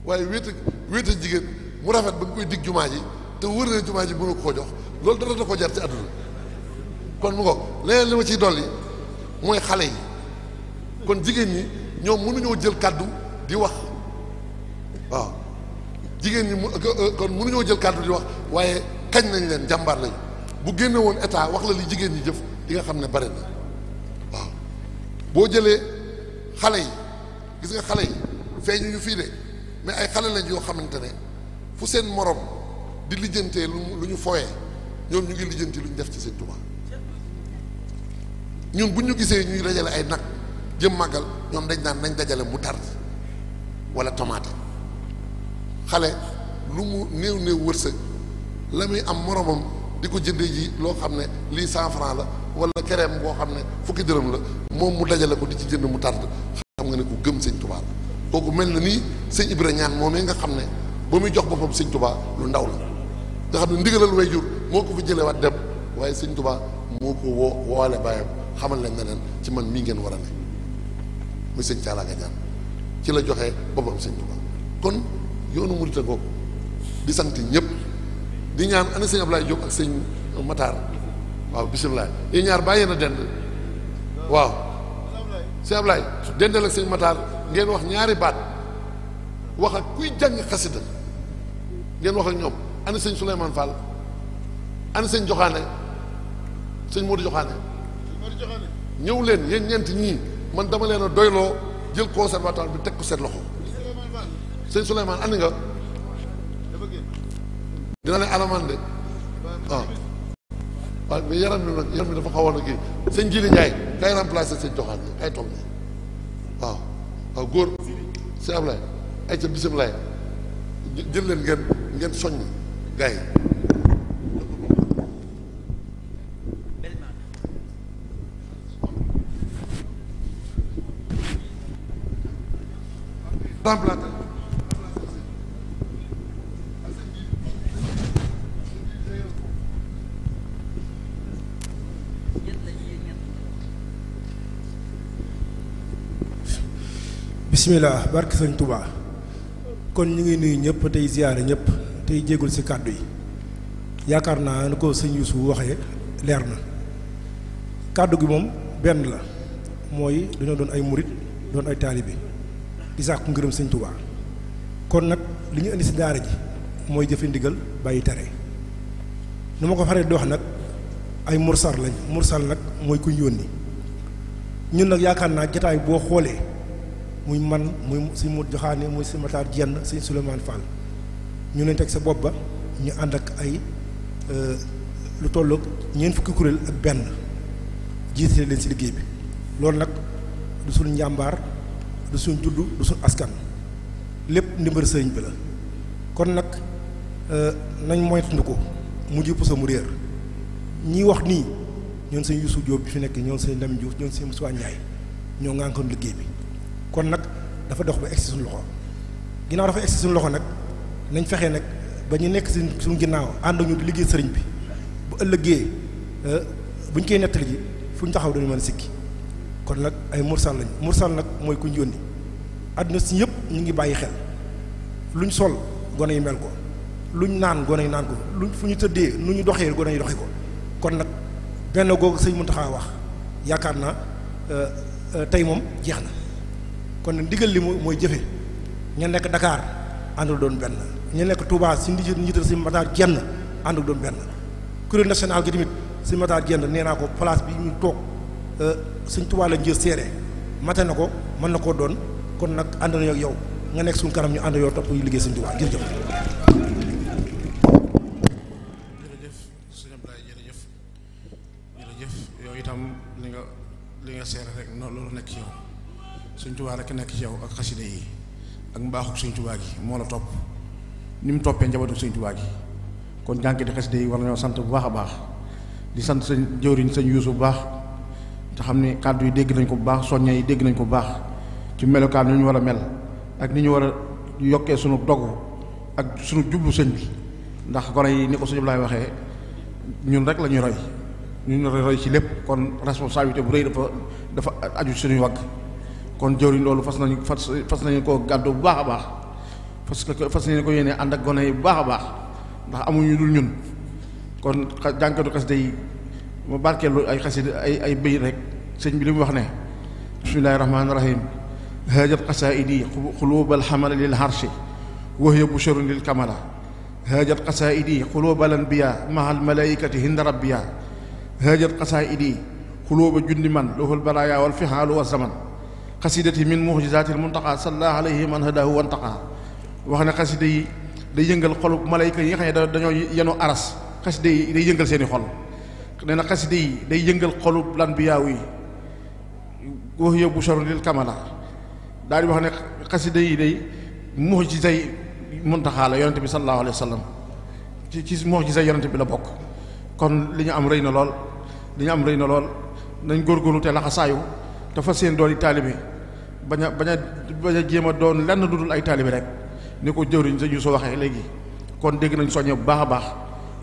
waaye wéet wéet jigéen mu rafet ba nga koy dig jumaa ji te wër na jumaa ji mënu koo jox loolu dara da ko jar ci àdduna kon mu ngoog leneen li ma ciy dolli mooy xale yi kon jigéen ñi ñoom mënuñoo jël kàddu di wax waaw jigéen ñi mu kon mënuñoo jël kàddu di wax waaye kañ nañ leen jàmbaar lañu bu génne woon état wax la li jigéen ñi jëf di nga xam ne bare na waaw boo jëlee xale yi gis nga xale yi feeñu ñu fii de mais ay xale lañ yoo xamante ne fu seen morom di lijjantee lu lu ñu fowee ñoom ñu ngi lijjanti lu ñu def ci seen Tuubaa ñun bu ñu gisee ñuy dajale ay nag jëm màggal ñoom dañ naan nañ dajale mu tar wala tomate xale lu mu néew néew wërsëg la muy am moromam di ko jëndee ji loo xam ne lii cent franc la wala kereem boo xam ne fukki dërëm la moom mu dajale ko di ci jënd mu tar xam nga ne ku gëm sëñ Tuubaa kooku mel na nii sëñ Ibra ñaan moomee nga xam ne ba muy jox boppam sëñ Tuubaa lu ndaw la nga xam ne ndigalal way jur moo ko fi jëlewaat dem waaye sëñ Tuubaa moo ko woo woole xamal leen neneen ci man mii ngeen war a ne muy sëñ Thiala ci la joxe boppam sëñ Tuubaa kon yoonu murit a googu di sant ñëpp di ñaan ana sëñ Ablaye Diop ak sëñ Matar waaw bisimilah yéen ñaar bàyyi na dend waaw sëñ Ablaye dendal ak sëñ Matar ngeen wax ñaari baat wax ak kuy jàng xasida ngeen wax ak ñoom ana sëñ Souleymane Fall ana sëñ Joxaane sëñ di Joxaane ñëw leen yéen ñeent ñii man dama leen a doyloo jël conservatoire bi teg ko seen loxo sëñ Souleymane andi nga dina leen alamande ah waaw mais yaram bi nag yaram bi dafa xawoon a kii sëñ Jili Ndiaye kay remplacé sëñ Joxaan bi kay toog nii waaw waaw góor si Ablaye ay ca bisim lay jël leen ngeen ngeen soññ gars yi Ban Plata bismillah barke sëñ kon ñu ngi nuyu ñëpp tey ziyaare ñëpp tey jéggul ci kàddu yi yaakaar naa ni ko sëñ Yuusu waxee leer na kàddu gi moom benn la mooy dañoo doon ay murit doon ay taalibe di sàkku ngërëm sëñ Touba kon nag li ñu indi si daara ji mooy jëfe ndigal bàyyi tere nu ma ko faree dox nag ay mursal lañ mursal nag mooy kuñ ni ñun nag yaakaar naa jataay boo xoolee muy man muy si mu joxaane muy si Matar Jenn si Souleymane Fall ñu leen teg sa bopp ba ñu ànd ak ay euh, lu tolloog ñeent fukki kuréel ak benn jiite leen si liggéey bi loolu nag du suñu njàmbaar du suñ juddu du suñ askan lépp ndimbal sëriñ bi la kon nag euh, nañ moytandiku mu ji puso mu réer ñi wax nii ñoon sëñ Yuusu Jóob bi fi nekk ñoom seen Lam Diouf ñoon seen Musaa Njaay ñoo ngànkoon liggéey bi kon nag dafa dox ba egsi suñu loxo ginnaaw dafa egsi suñu loxo nag nañ fexe nag ba ñu nekk si suñ ginnaaw ànd ñu liggéey sëriñ bi bu ëllëgee euh, bu ñu koy nettali ji fu ñu taxaw dañu mën a sikki kon nag ay mursal lañ mursal nag mooy ku ñu àdduna si yëpp ñu ngi bàyyi xel luñ sol gone yi mel ko lu ñu naan gone yi naan ko luñ fu ñu tëddee nu ñu doxee gone yi doxee ko kon nag benn googu sëñ Muntaxa wax yaakaar naa euh, euh, tey moom jeex na kon nag ndigal li mooy jëfe ñu nekk Dakar àndul doon benn ñu nekk Touba si ndigal njiital si Matar jenn àndul doon benn kuréel national gi si Matar genn nee naa ko place bi ñu toog. Euh, Sëñ Tuubaa la njër mate na ko mën na koo doon kon nag ànd na yow nga nekk suñu kanam ñu ànd yoo topp yu liggéey Sëñ Tuubaa jërëjëf. jërëjëf sëñ yow itam li nga li rek noonu loolu nekk ci yow nekk ci ak xasida yi ak mbaaxu Sëñ Tuubaa gi moo la topp ni mu toppee njabootu Sëñ Tuubaa gi kon jànk di xasida yi war ñoo sant bu baax a baax di sant sëñ jëwriñ sëñ Yuusu bu baax. te xam ni kàddu yi dégg nañ ko bu baax soññe yi dégg nañ ko bu baax ci melokaan ni ñu war a mel ak ni ñu war a yokkee sunu dogu ak suñu jublu sëñ bi ndax gone yi ni ko sëñ Ablaay waxee ñun rek la ñuy ñu ñun roy ci lépp kon responsabilité bu rëy dafa dafa aju suñuy wagg kon jëwriñ loolu fas nañu fas fas nañu koo gàddu bu baax a baax parce que fas nañu ko yéene ànd ak gone yi bu baax a baax ndax amuñu dul ñun kon jànkatu xas day ma barkeelu ay xasid ay ay bëy rek sëñ bi li wax ne bismillahi rahmaani rahim haajat qasaa'idi quluub alxamala lil harshi وهي بشر للكملة هاجت قصائدي قلوب الأنبياء مع الملائكة هند ربيا هاجت قصائدي قلوب جند من له البرايا والفحال والزمن قصيدتي من معجزات المنتقى صلى الله عليه من هداه وانتقى وخنا قصيدي دي يينgal xolub malaika yi xamne dañu yenu aras xass day day yëngal seeni xol nee na xaside yi day yëngal xolub lan bi yaaw yi wax yow bu soron lil kamala daal di wax ne xaside yi day mux ci say muntaxaa la yonente bi sallallahu alayhi wa sallam ci ci mux ci say yonente bi la bokk kon li ñu am rëy na lool li ñu am rëy na lool nañ góorgóorlu te laxasaayu te fas seen doon yi taalibe bañ a bañ a a jéem a doon lenn dudul ay taalibe rek ni ko jëwriñ sa ñu soo waxee léegi kon dégg nañ soññe bu baax a baax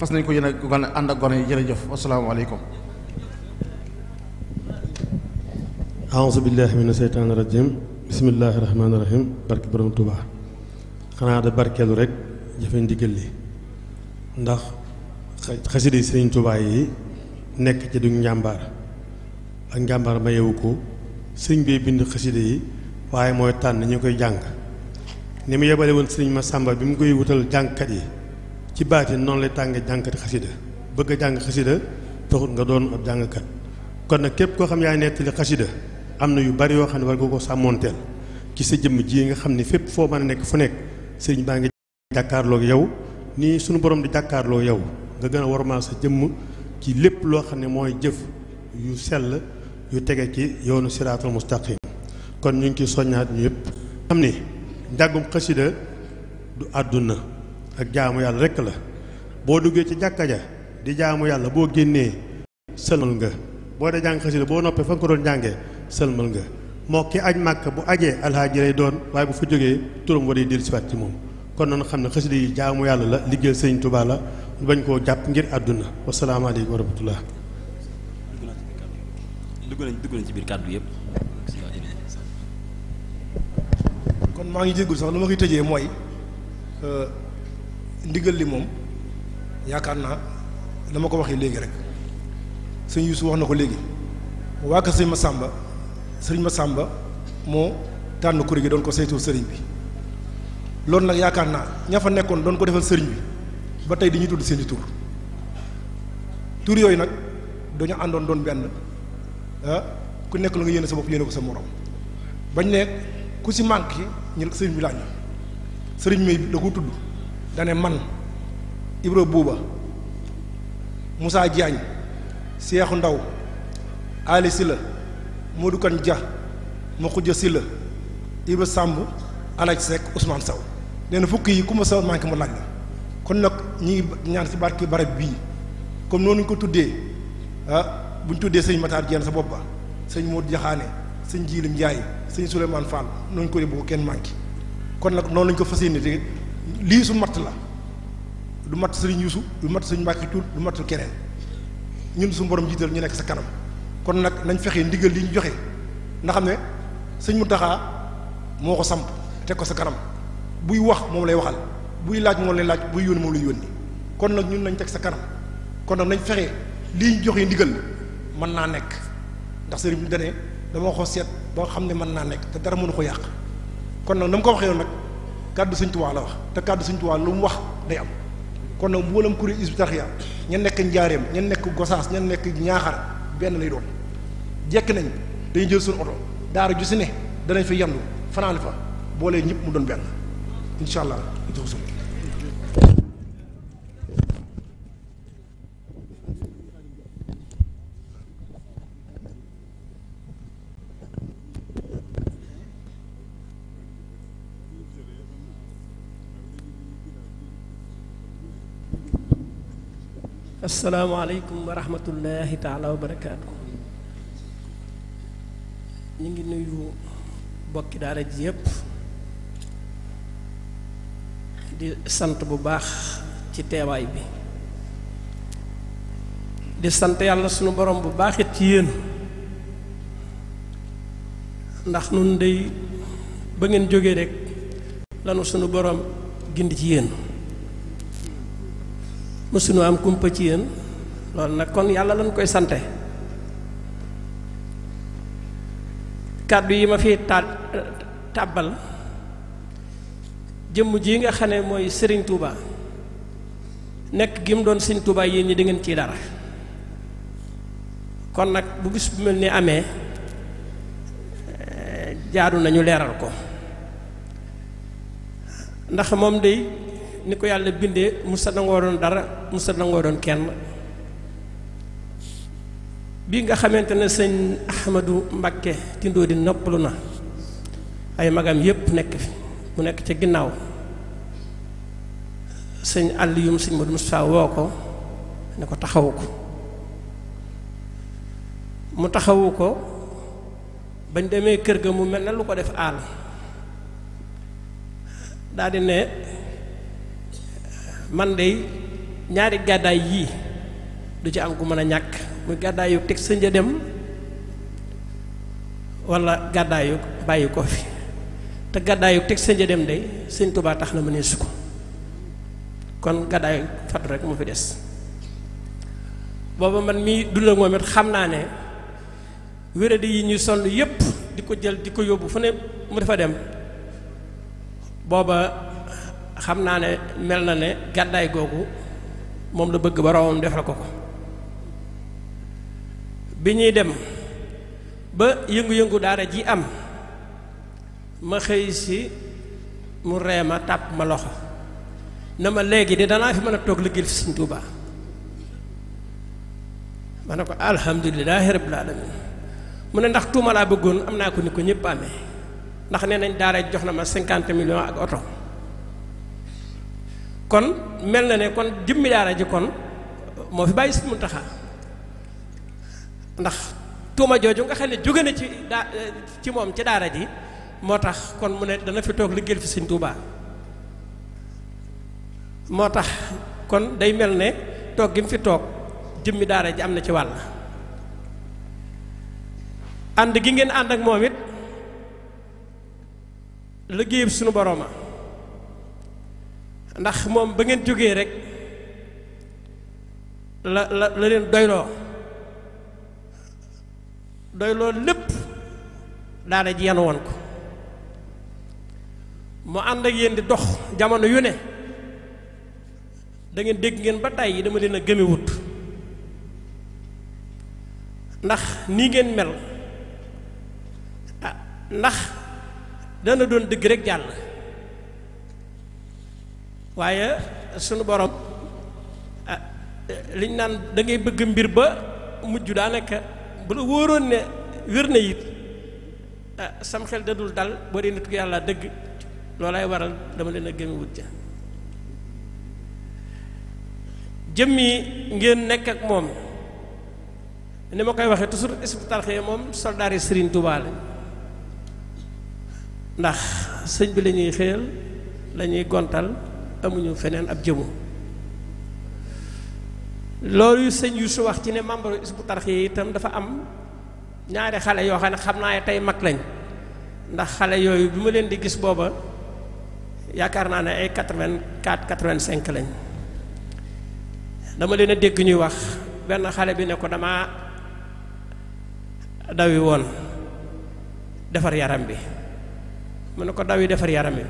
fas nañ ko yéen a gone ànd ak gone yi jërëjëf asalaamaaleykum aousu billahi mina seytaani rajim bismillahi rahmaani rahim barke borom Tuuba xanaa da barkeelu rek jëfe ndigal li ndax xasida yi sëriñ Tuuba yi nekk ci du njàmbaar ak njàmbaar mayewu ko sëriñ bi bind xasida yi waaye mooy tànn ñu koy jàng ni mu yebale woon ma Masamba bi mu koy wutal jàngkat yi ci baati noonu lay tànge jàngkati xasida bëgg a jàng xasida taxut nga doon ab jàngkat kon nag képp koo xam yaay nettali xasida am na yu bari yoo xam ne war nga ko sàmmoonteel ci sa jëmm ji nga xam ne fépp foo mën a nekk fu nekk sëriñ baa ngi jàkkaarloog yow nii sunu borom di jàkkaarloog yow nga gën a warmaa sa jëmm ci lépp loo xam ne mooy jëf yu sell yu tege ci yoonu siraatul mustaqim kon ñu ngi ciy soññaat ñu yëpp xam ni njàngum xasida du àdduna ak jaamu yàlla rekk la boo duggee ci jàkka ja di jaamu yàlla boo génnee sëlmal nga boo dee jàng xasida boo noppee fa nga ko doon jàngee sëlmal nga moo ki aj màkk bu ajee alhaaji lay doon waaye bu fa jógee turam war a dellu ci moom kon noonu xam ne xasida yi jaamu yàlla la liggéeyal sëñ Tuubaa la bañ koo jàpp ngir àdduna wasalaamaaleykum wa rahmatullah dugg nañ ci biir kàddu yëpp kon mooy euh, ndigal li moom yaakaar naa dama ko waxee léegi rek sëñ Youssou wax na ko léegi waa kër sëñ Massamba sëñ sàmba moo tànn kuréel gi doon ko saytul sëriñ bi loolu nag yaakaar naa ña fa nekkoon doon ko defal sëriñ bi ba tey dañuy tudd seen i tur tur yooyu nag dañu àndoon doon benn ah ku nekk lu nga yéene sa bopp yéene ko sa moroom bañ ne ku si manqué ñu sëriñ bi laaj sëriñ bi da ko tudd. dana man ibro Buuba Moussa Diagne Seexu Ndaw Ali Silla Modou Kan Dia Makhoudia Silla Ibra Samb Alaj Seck Ousmane saw nee na fukki yi ku ma sawar manqué mu laaj la kon nag ñi ñaan si barke barab bii comme noonu ñu ko tuddee ah bu ñu tuddee sëñ Matar Diène sa bopp ba sëñ Modou Jaxaane sëñ Jiilim Njaay sëñ Souleymane Fall noonu ko dee bu kenn manqué kon nag noonu lañ ko fas yéene lii su matt la du matt sëriñ Yuusu du matt sëriñ Mbàkke Cuun du mattul keneen ñun su borom jiital ñu nekk sa kanam kon nag nañ fexe ndigal li ñu joxe nga xam ne sëñ samp teg ko sa kanam buy wax moom lay waxal buy laaj moom laaj buy yónni moom lay yónni kon nag ñun nañ teg sa kanam kon nañ fexe lii ñu joxe ndigal mën naa nekk ndax sëriñ bi dane dama ko seet ba xam ne mën naa nekk te dara mënu ko yàq kon nag na ko waxee nag kàddu Sëñ Tuubaa la wax te kàddu Sëñ Tuubaa lu mu wax day am kon nag mboolem kuréel Hizbut Tarqiyyah ña nekk Njaareem ña nekk Gosaas ña nekk Ñaaxar benn lay doon jekk nañ dañuy jël suñu oto daara ju si ne danañ fa yandu fanaane fa boolee ñëpp mu doon benn incha allah. asalaamaaleykum wa rahmatullahi taala wa barakaatu ñu ngi nuyu bokki daara ji yépp di sant bu baax ci teebaay bi di sant yàlla sunu borom bu baaxit ci yéen ndax nun day ba ngeen jógee rekk lanu sunu borom gindi ci yéen mësunu am kumpa ci yéen loolu nag kon yàlla lañ koy sante kàddu yi ma fi ta tàbbal jëmm ji nga xam ne mooy sëriñ Touba nekk gi mu doon sëriñ Touba yéen ñi di ngeen ciy dara kon nag bu bis bu mel ni amee eh, jaaru nañu leeral ko ndax moom day ni ko yàlla bindee musa nangoo doon dara musa nangoo doon kenn bi nga xamante ne sëñ Ahmadou Mbakke tindoo di noppalu na ay magam yépp nekk fi mu nekk ci ginnaaw sëñ àll yum sëñ Modou Moustapha woo ko ne ko taxawu ko mu taxawu ko bañ demee kër ga mu mel na lu ko def aal daldi ne man de ñaari gàddaay yii du ci am ku mën a ñàkk muy gàddaayu teg sa dem wala gàddaayu bàyyi ko fi te gàddaayu teg sa dem de sëñ Tuubaa tax na mëneesu ko kon gàddaayu fatu rek mu fi des booba man mii dund ak moom it xam naa ne wéradi yi ñuy sonn yépp di ko jël di ko yóbbu fu ne mu dafa dem booba xam naa ne mel na ne gàddaay googu moom la bëgg boroomam defal ko ko bi ñuy dem ba yëngu-yëngu daara ji am ma xëy si mu ree ma tàpp ma loxo na ma léegi de danaa fi mën a toog liggéeyal fi Sëñ Tuubaa ma ne ko alhamdulilahi rabbil alamin mu ne ndax tuuma laa bëggoon am naa ko ni ko ñëpp amee ndax nee nañ daara jox na ma cinquante million ak oto kon mel na ne kon jëmmi daara ji kon moo fi bàyyi si Muntaxa ndax tuuma jooju nga xam ne jóge na ci daa ci moom ci daara ji moo tax kon mu ne dana fi toog liggéeyal fi Sëñ Tuubaa moo tax kon day mel ne toog gi mu fi toog jëmmi daara ji am na ci wàll ànd gi ngeen ànd ak moom it liggéeyub suñu borooma ndax moom ba ngeen jógee rek la la la leen doyloo doyloo lépp daana ji yan woon ko mu ànd ak yéen di dox jamono yu ne dangeen dégg ngeen ba tey dama leen a gëme ndax nii ngeen mel ah, ndax dana doon dëgg rek jàll waaye sunu borom ah, liñ naan dangay bëgg mbir ba mujj daanaka bu la wóoroon ne wér na it ah, sam xel dadul dal boo dee nit ku yàlla dëgg loolay waral dama leen a gëme wut ja jëmmi ngeen nekk ak moom ni ma koy waxee toujours hospital xëy moom soldaar yi Serigne Touba ndax sëñ bi lañuy ñuy lañuy la gontal amuñu feneen ab jëmu loolu sëñ yu su wax ci ne membre isbu yi itam dafa am ñaari xale yoo xam ne xam naa tey mag lañ ndax xale yooyu bi ma leen di gis booba yaakaar naa ne ay 84 85 lañ dama leen a ñuy wax benn xale bi ne ko dama dawi woon defar yaram bi mu ne ko dawi defar yaram bi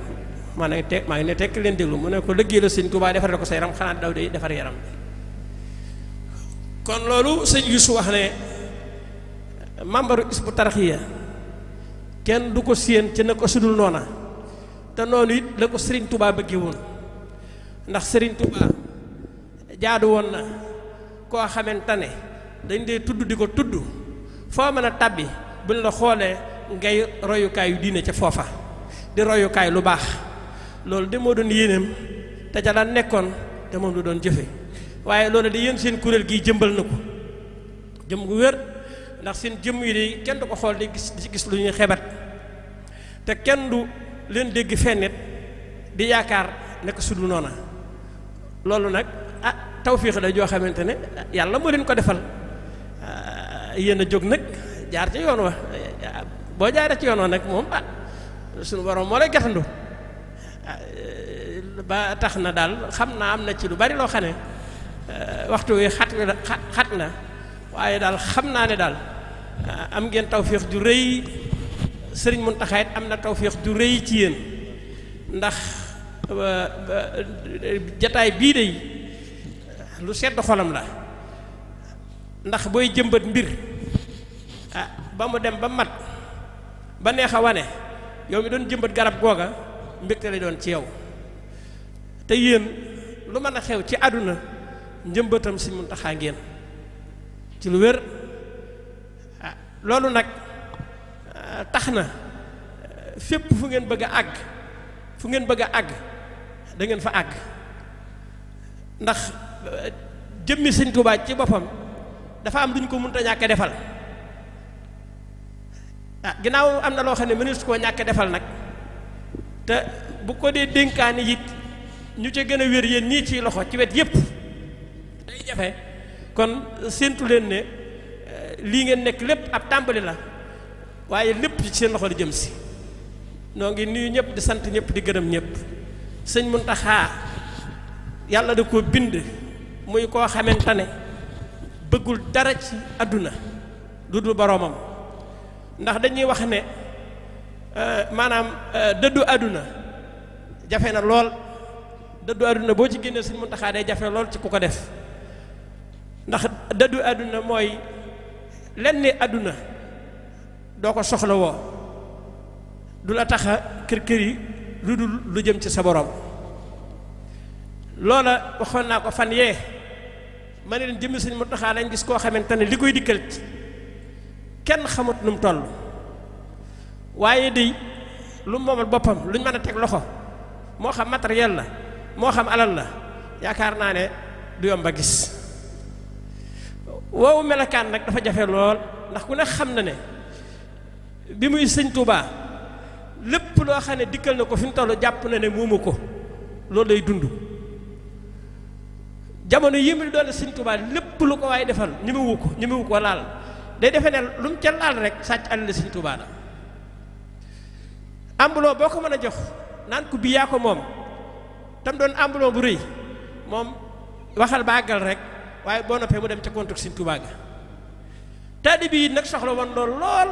mana ne tek ma ne tek len deglu mu ne ko liggéey la seigne touba defal ko say ram xana daw day defar yaram kon lolu seigne yusuf wax ne mambaru isbu tarxiya ken du ko sien ci nako sudul nona te nonu it lako seigne touba bëgge won ndax seigne touba jaadu won na ko xamantane dañ day tuddu diko tuddu fo mëna tabbi buñ la xolé ngay kay yu diine ci fofa di kay lu bax loolu de moo doon yéeneem te ca nekkoon te moom lu doon jëfe waaye loolu de yéen seen kuréel gi jëmbal na ko jëm gu wér ndax seen jëmm yi de kenn du ko xool de gis di gis lu ñuy xebat te kenn du leen dégg fennet di yaakaar nekk su du noona loolu nag ah tawfiix la joo xamante ne yàlla moo leen ko defal ah, yéen a jóg nag jaar ci yoon wa ah, boo jaaree ci yoon wa nag moom ah sunu borom moo lay gatandu ba tax na daal xam naa am na ci lu bari loo xam ne euh, waxtu wi xat xat na waaye daal xam naa ne daal euh, am ngeen tawféex ju rëy sëriñ Muntaxa it am na tawféex ju rëy ci yéen ndax euh, jataay bii de lu sedd xolam la ndax booy jëmbat mbir ah ba mu dem ba mat ba neex a wane yow mi doon jëmbat garab googa mbégte doon ci yow te yéen lu mën a xew ci àdduna njëmbatam si taxaa ngeen ci lu wér ah, loolu nag ah, tax na eh, fépp fu ngeen bëgg a àgg fu ngeen bëgg a àgg da fa àgg ndax eh, jëmmi sëñ Tuubaa ci boppam dafa am lu ñu ko mënta ñàkk defal ah ginnaaw am na loo xam ne su koo ñàkk defal nag te bu ko dee dénkaani it ñu ca gën a wér yéen ñii ci loxo ci wet yépp day jafe kon séentu leen ne eh, lii ngeen nekk lépp ab tàmbali la waaye lépp ci seen loxo la jëm si noo ngi nuyu ñëpp di sant ñëpp di gërëm ñëpp sëñ Muntaxa yàlla da ko bind muy koo xamante ne bëggul dara ci àdduna lu dul boroomam ndax dañuy wax ne eh, maanaam eh, dëddu àdduna jafe na lool dëddu àdduna boo ci génnee sëñ Muntaxa day jafe lool ci ku ko def ndax dëddu àdduna mooy lenn àdduna doo ko soxla woo du la tax a kër kër yi lu dul lu jëm ci sa borom loola waxoon naa ko fan yee ma ne leen jëmmi sëñ Muntaxa lañ gis koo xamante ne li koy dikkal kenn xamut nu mu toll waaye day lu moomal boppam luñ mën a teg loxo moo xam materiel la moo xam alal la yaakaar naa ne du yomb a gis woowu melokaan nag dafa jafe lool ndax ku ne xam na ne bi muy sëñ Touba lépp loo xam ne dikkal na ko fi mu toll jàpp na ne moomu ko loolu day dund jamono yi mu doon sëñ Touba lépp lu ko waaye defal ñu mu wu ko ñu mu wu ko laal day defe ne lu mu ca laal rek sàcc àll sëñ Touba la ambuloo boo ko mën a jox naan ko bii yaa ko moom tam doon emblon bu rëy moom waxal bàggal rek waaye boo noppee mu dem ca kontuk Sëriñ Tuubaa ga taalibe yi nag soxla woon lool lool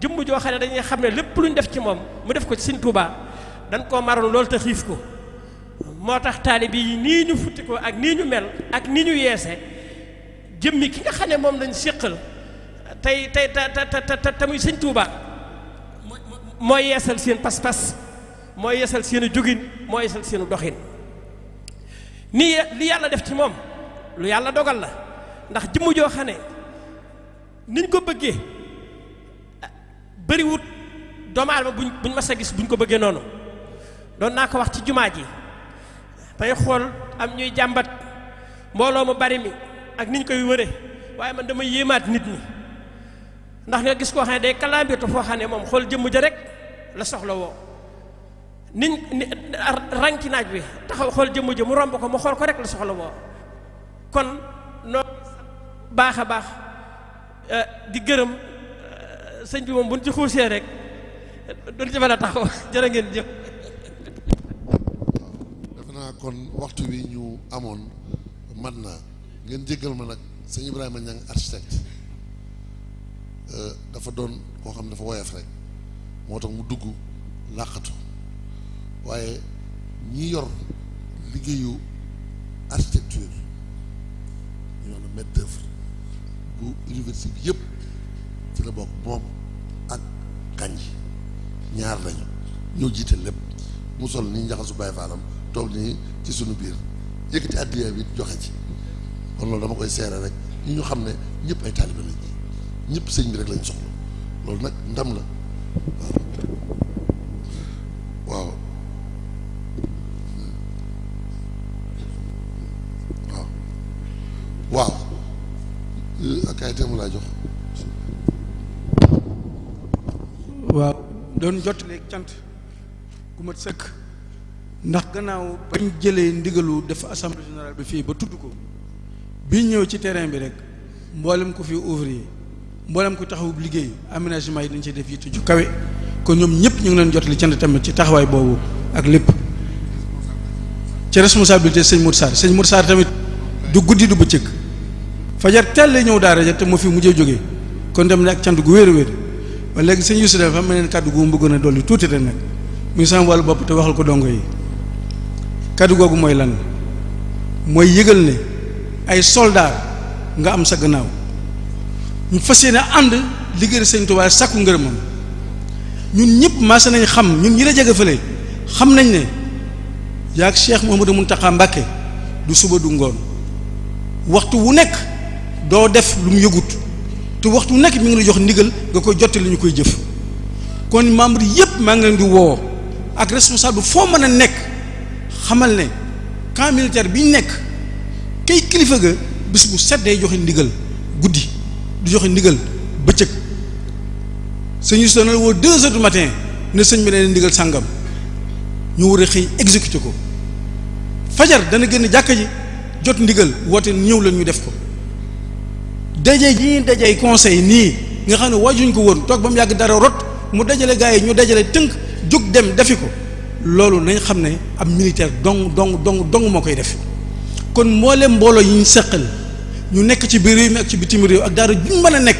jëmm joo xam ne dañuy xam ne lépp lu ñu def ci moom mu def ko ci Sëriñ Tuubaa dañ koo maroon lool te xiif ko moo tax taalibe yi nii ñu futti ko ak nii ñu mel ak nii ñu yeese jëmmi ki nga xam ne moom lañ séqal tey tey ta ta ta ta muy Sëriñ Tuubaa mooy yeesal seen pas-pas mooy yeesal seen i mooy sal seenu doxin nii li yàlla def ci moom lu yàlla dogal la ndax jëmm joo xam ne niñ ko bëgge bëriwut doomu aadama buñ buñ mas a gis buñ ko bëggee noonu doon naa ko wax ci jumaa ji tey xool am ñuy jàmbat mbooloo mu bari mi ak niñ koy wëre waaye man dama yéemaat nit ñi ndax nga gis koo xam ne day kalaambitu foo xam ne moom xool jëmm ja rek la soxla woo niñ rang ci naaj wi taxaw xool jëmm jë mu romb ko mu xool ko rek la soxla woo kon noo baax a baax eh, di gërëm eh, sëñ bi moom buñ ci xuusee rek duñ ci mën a taxaw [LAUGHS] jërë ngeen jëf def naa kon waxtu wi ñu amoon man naa ngeen jéggal ma nag sëñ Ibrahima Niang architecte eh, dafa doon koo xam dafa woyof rek moo tax mu dugg làqatu waaye ñi yor liggéeyu architecture ñu wax la maître d'œuvre bu université bi yëpp ci la bokk moom ak kañ ñaar lañu ñoo jiite lépp mu sol ni njaxasu Baay Faalam toog nii ci sunu biir yëkkati addiya bi joxe ci kon loolu dama koy seere rek ñu ñu xam ne ñëpp ay taalibe lañ ñëpp sëñ bi rek lañ soxla loolu nag ndam la waaw moom laa jox. waaw doon jottali cant gu mat sëkk ndax gannaaw bañ jëlee ndigalu def assemblée générale bi fii ba tudd ko bi ñëw ci terrain bi rek mboolem ko fi ouvrier mboolem ko taxawub liggéey aménagement yi dañ ci def yitte ju kawe kon ñoom ñëpp ñu ngi leen jottali cant tamit ci taxawaay boobu ak lépp ci responsabilité sëñ Mour Sarr sëñ Mour Sarr tamit du guddi du bëccëg fajar teel lay ñëw daara ja te moo fi mujjee jógee kon dem na ak cant gu wéer a wéer ba léegi sëñ Youssou dafa am leneen kàddu gu mu bëggoon a dolli tuuti rek nag muy sama wàllu bopp te waxal ko dongo yi kàddu googu mooy lan mooy yëgal ne ay soldaar nga am sa gannaaw ñu fas yéene ànd liggéeyal sëñ Tuubaa sàkku ngërëmam ñun ñëpp maase nañ xam ñun ñi la jege fële xam nañ ne yaa ak Cheikh Mouhamadou Mountakha Mbacké du suba du ngoon waxtu wu nekk. doo def lu mu yëgut te waxtu nekk mu ngi la jox ndigal nga koy jotte li ñu koy jëf kon membre yëpp maa ngi leen di woo ak responsable foo mën a nekk xamal ne camp militaire bi nekk kay kilifa ga bis bu set day joxe ndigal guddi du joxe ndigal bëccëg sëñ bi sonal woo deux heures du matin ne sëñ bi ne ndigal sàngam ñu war a xëy exécuté ko fajar dana génn jàkka ji jot ndigal woote ñëw la ñu def ko daje ji ñuy dajey conseil nii nga xam ne wajuñ ko woon toog ba mu yàgg dara rot mu dajale gars yi ñu dajale tënk jóg dem defi ko loolu nañ xam ne am militaire dong dong dong dong moo koy def kon mboolem mbooloo yi ñu seqal ñu nekk ci biir réew mi ak ci bitim réew ak daara ju mën a nekk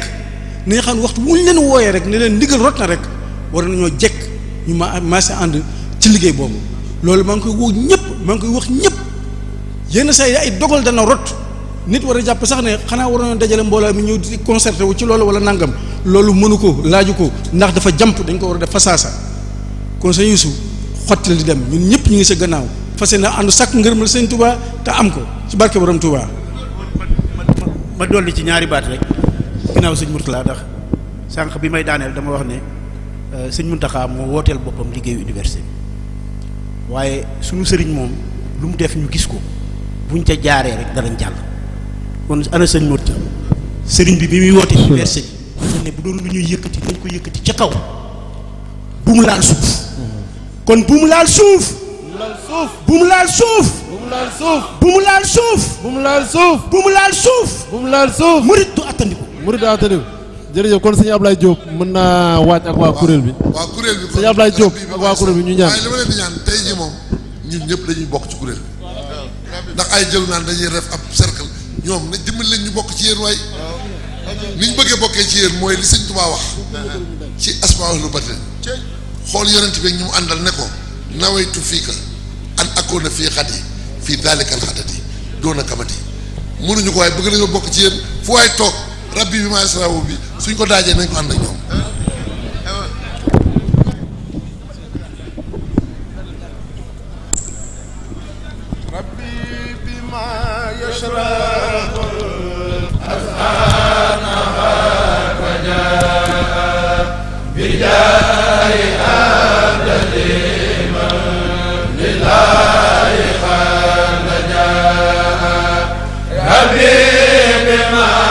nañ xam ne waxtu ñu leen wooyee rek ne leen ndigal rot na rek war nañoo jekk ñu ma maase ànd ci liggéey boobu loolu maa ngi koy woo ñëpp maa ngi koy wax ñëpp yenn saa yi ay dogal dana rot nit war a jàpp sax ne xanaa waroon dajale mbooloo mi ñëw di concerté wu ci loolu wala nangam loolu mënu ko laaju ko ndax dafa jàmp dañ ko war a def fa saasa conseil Youssou xottil di dem ñun ñëpp ñu ngi sa gannaaw fase na ànd sàkk ngërëmal sëñ Touba te am ko ci barke borom Touba. ma dolli ci ñaari baat rek ginnaaw sëñ Mourtala ndax sànq bi may daaneel dama wax ne euh, sëñ Mountakha moo wooteel boppam liggéeyu université waaye sunu sëriñ moom lu mu def ñu gis ko buñ ca jaaree rek danañ jàll. kon ana sëñ sëriñ bi bi muy woote ci verset bi bu doon lu ñuy yëkkati dañ ko yëkkati ci kaw bu mu laal suuf kon bu mu laal suuf bu mu laal suuf bu mu laal suuf bu mu laal suuf murit du attandiku murit du attandiku jërëjëf kon sëñ Ablaye Diop mën naa waaj ak waa kuréel bi waa kuréel bi sëñ Ablaye ak waa kuréel bi ñu ñaan waaye li tey ji moom ñun ñëpp dañuy bokk ci kuréel ndax ñoom na dimbali ñu bokk ci yéen waay ni ñu bëggee ci yéen mooy li sëñ Tuubaa wax ci asmaul lu batin yonent bi ñu àndal ne ko nawaytu fii an akoona fii xat yi fii daalikal xatat yi doon a kamat ko waaye bëgg nañoo bokk ci yéen fu waay toog rabbi bi maa sarawu bi suñ ko daajee nañ ko ànd ak rabbi bi maa ma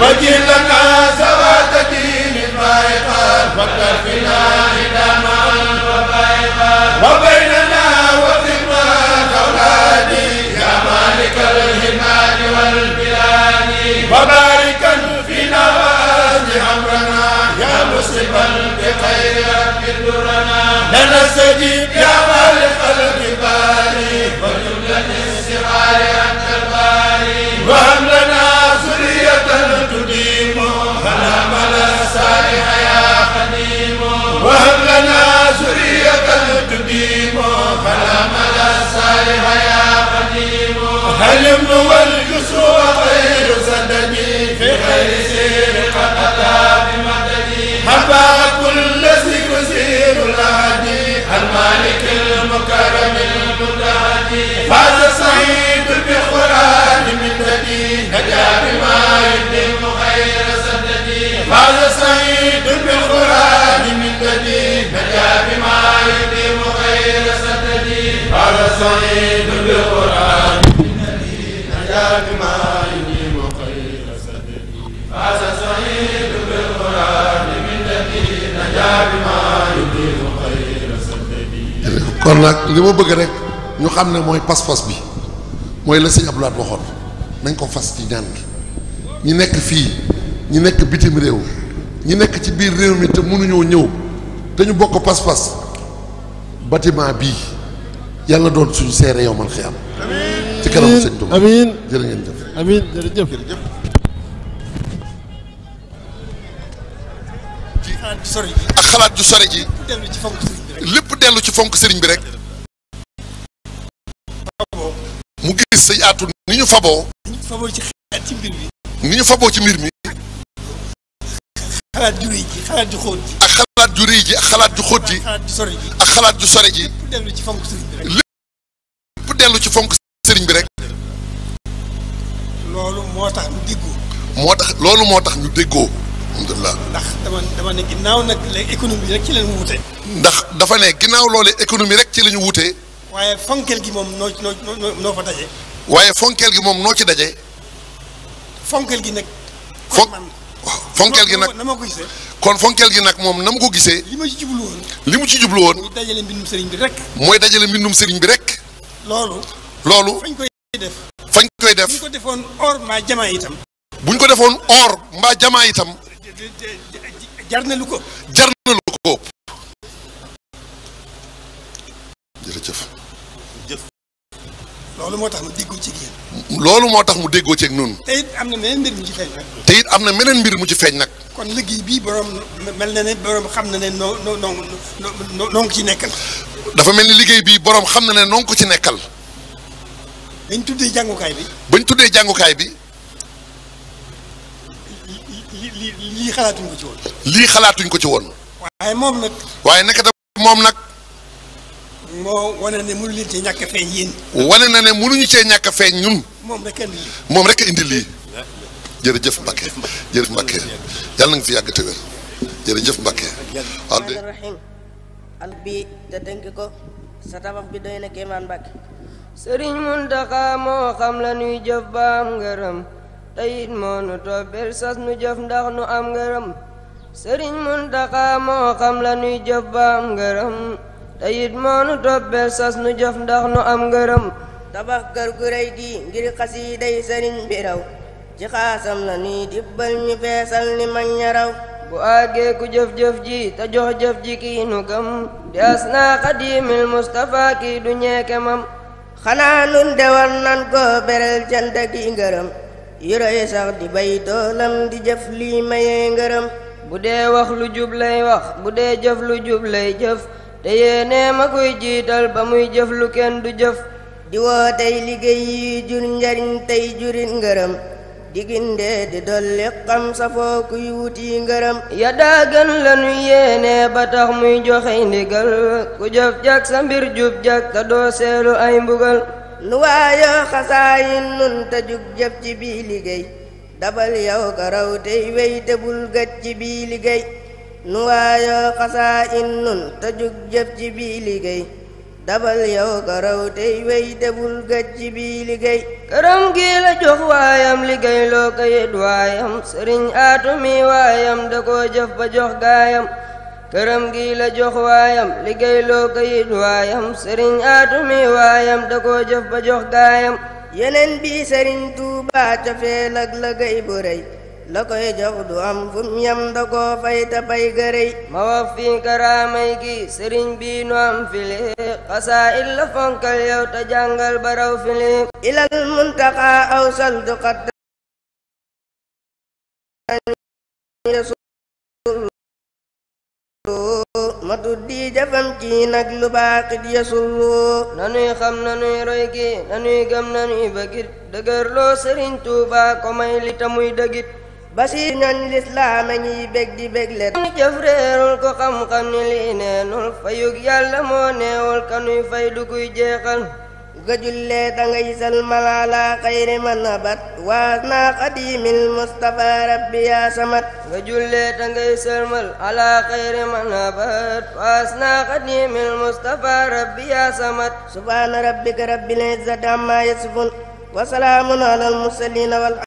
Победа! هل ابن والكسوة غير سددي في خير سير قد بمددي بمدني حفى كل ذكر سير الهدي المالك المكرم المتهدي فاز سعيد بقران من ندي نجا بما يتم خير سددي فاز سعيد بقران من ندي نجا بما يتم خير سددي فاز سعيد بقران kon nag li ma bëgg rek ñu xam ne mooy pas-pas bi mooy la sëñ Abdoulaye waxoon nañ ko fas ci ñaan ñi nekk fii ñi nekk bitim réew ñi nekk ci biir réew mi te mënuñoo ñëw te ñu bokk pas-pas bâtiment bii yàlla doon suñu seere yow man xëy ci kanam boobu amiin jërë ngeen jëf ci ak xalaat ju sori ji lépp dellu ci fonk sëriñ bi rek mu gis sëñ Atou ni ñu faboo ni ñu faboo ci mbir mi xalaat ak xalaat ju rëy ji ak xalaat ju xóot ji ak xalaat ju sore ji lépp dellu ci fonk sëriñ bi rek loolu moo tax ñu déggoo. moo tax loolu moo tax ñu déggoo. alhamdulilah ndax dama dama ne ginnaaw nag léegi économie rek ci la ñu wute. ndax dafa ne ginnaaw loole économie rek ci la ñu wute. waaye fonkeel gi moom noo noo noo fa daje. waaye fonkeel gi moom noo ci daje. fonkeel gi nag. kon fonkeel gi nag na ma kon fonkeel gi nag moom na mu ko gisee. li ma ci jublu woon. li mu ci jublu woon. mooy dajale mbindum sëriñ bi rek. mooy dajale mbindum sëriñ bi rek. loolu. loolu fañ koy fañ koy def buñ ko defoon or mbaa jamaa itam. buñ ko defoon or mbaa jamaa itam. jar na lu ko. jar na lu ko. jërëjëf. loolu moo tax mu déggoo ci yéen. loolu moo tax mu déggoo ci ak am na meneen mbir mu ci feeñ nag. am na meneen mbir mu ci feeñ nag. kon liggéey bii borom mel na ne xam na ne noo ko ci nekkal. dafa mel ni liggéey bi borom xam na ne noo ngi ko ci nekkal. bañ tuddee jàngukaay bi. bañ tuddee jàngukaay bi. lii lii xalaatuñ ko ci woon. lii xalaatuñ ko ci woon. waaye moom nag. waaye nekk moom nag. moo wane ne mënuñu cee ñàkk a na ne mënuñu cee ñàkk a feeñ ñun. moom rek indi lii. moom rek indi lii. jërëjëf Mbacke jërëjëf Mbacke yàlla na nga fi yàgg te wér jërëjëf Mbacke. waaw de. te dénk ko sa tabax bi doy na kéemaan Mbacke. sëriñ Muntaxa moo xam la nuy jëf ba am ngërëm teyit moo nu toppil sas nu jëf ndax nu am ngërëm sëriñ Muntaxa moo xam la nuy jëf ba am ngërëm teyit moo nu toppil sas nu jëf ndax nu am ngërëm tabax kër gu rëy gi ngir xasiiday sëriñ bi raw ci xaasam la nuy dibbal ñu feesal ni mañ ñaraw bu àggee jëf-jëf ji te jox jëf ji kii nu gëm di asnaa xadimil Mustafa kii du ñeeke mam xanaa nun de war nan koo berel cant gi ngërëm yu rëy sax di bay toolam di jëf lii maye ngërëm bu dee wax lu jub lay wax bu dee jëf lu jub lay jëf te yéenee ma jiital ba muy jëf lu kenn du jëf di woo tey liggéey yi jur njariñ tey jurit ngërëm diginde di dolli xam safoo kuy wuti ngërëm ya daa gën lanu yéene ba tax muy joxe ndigal ku jëf jak sa mbir jub jak doo seelu ay mbugal nu waayo xasaayin nun te jug jëf ci bii liggéey dabal yow ka raw tey wey te bul gët ci bii liggéey nu waayo xasaayin nun te jug jëf ci bii liggéey dabal yow ka tey wey debul gàcc bi liggéey këram gi la jox waayam liggéey loo ko yët waayam sëriñ aatumi waayam da koo jëf ba jox gaayam këram gi la jox waayam liggéey loo ko yët waayam sëriñ aatumi waayam da koo jëf ba jox gaayam yeneen bi sëriñ Tuubaa cofee lag lagay लकोय जगदुआम फुम्यम दको फैत पैगरे मवफी करामैगी सिरिं बीनुआम फिले कसा इल्ल फंकल यौ तजंगल बरौ फिले इलल मुंतका औसल दुकत matu di jafam ki nag lu baax di yasullu nanuy xam nanuy roy gi nanuy gëm nanuy bëggit dëgërloo sëriñ tuuba ko may li tamuy dagit basiir ñooñ lislaama ñiy bég di bégle ñu jëf réerul ko xam-xam man abat waa naa xadimil mustafa rabbi yaa samat nga jullee rabbi yaa samat subhaana rabbika rabbil izzati amma yasifun wa salaamun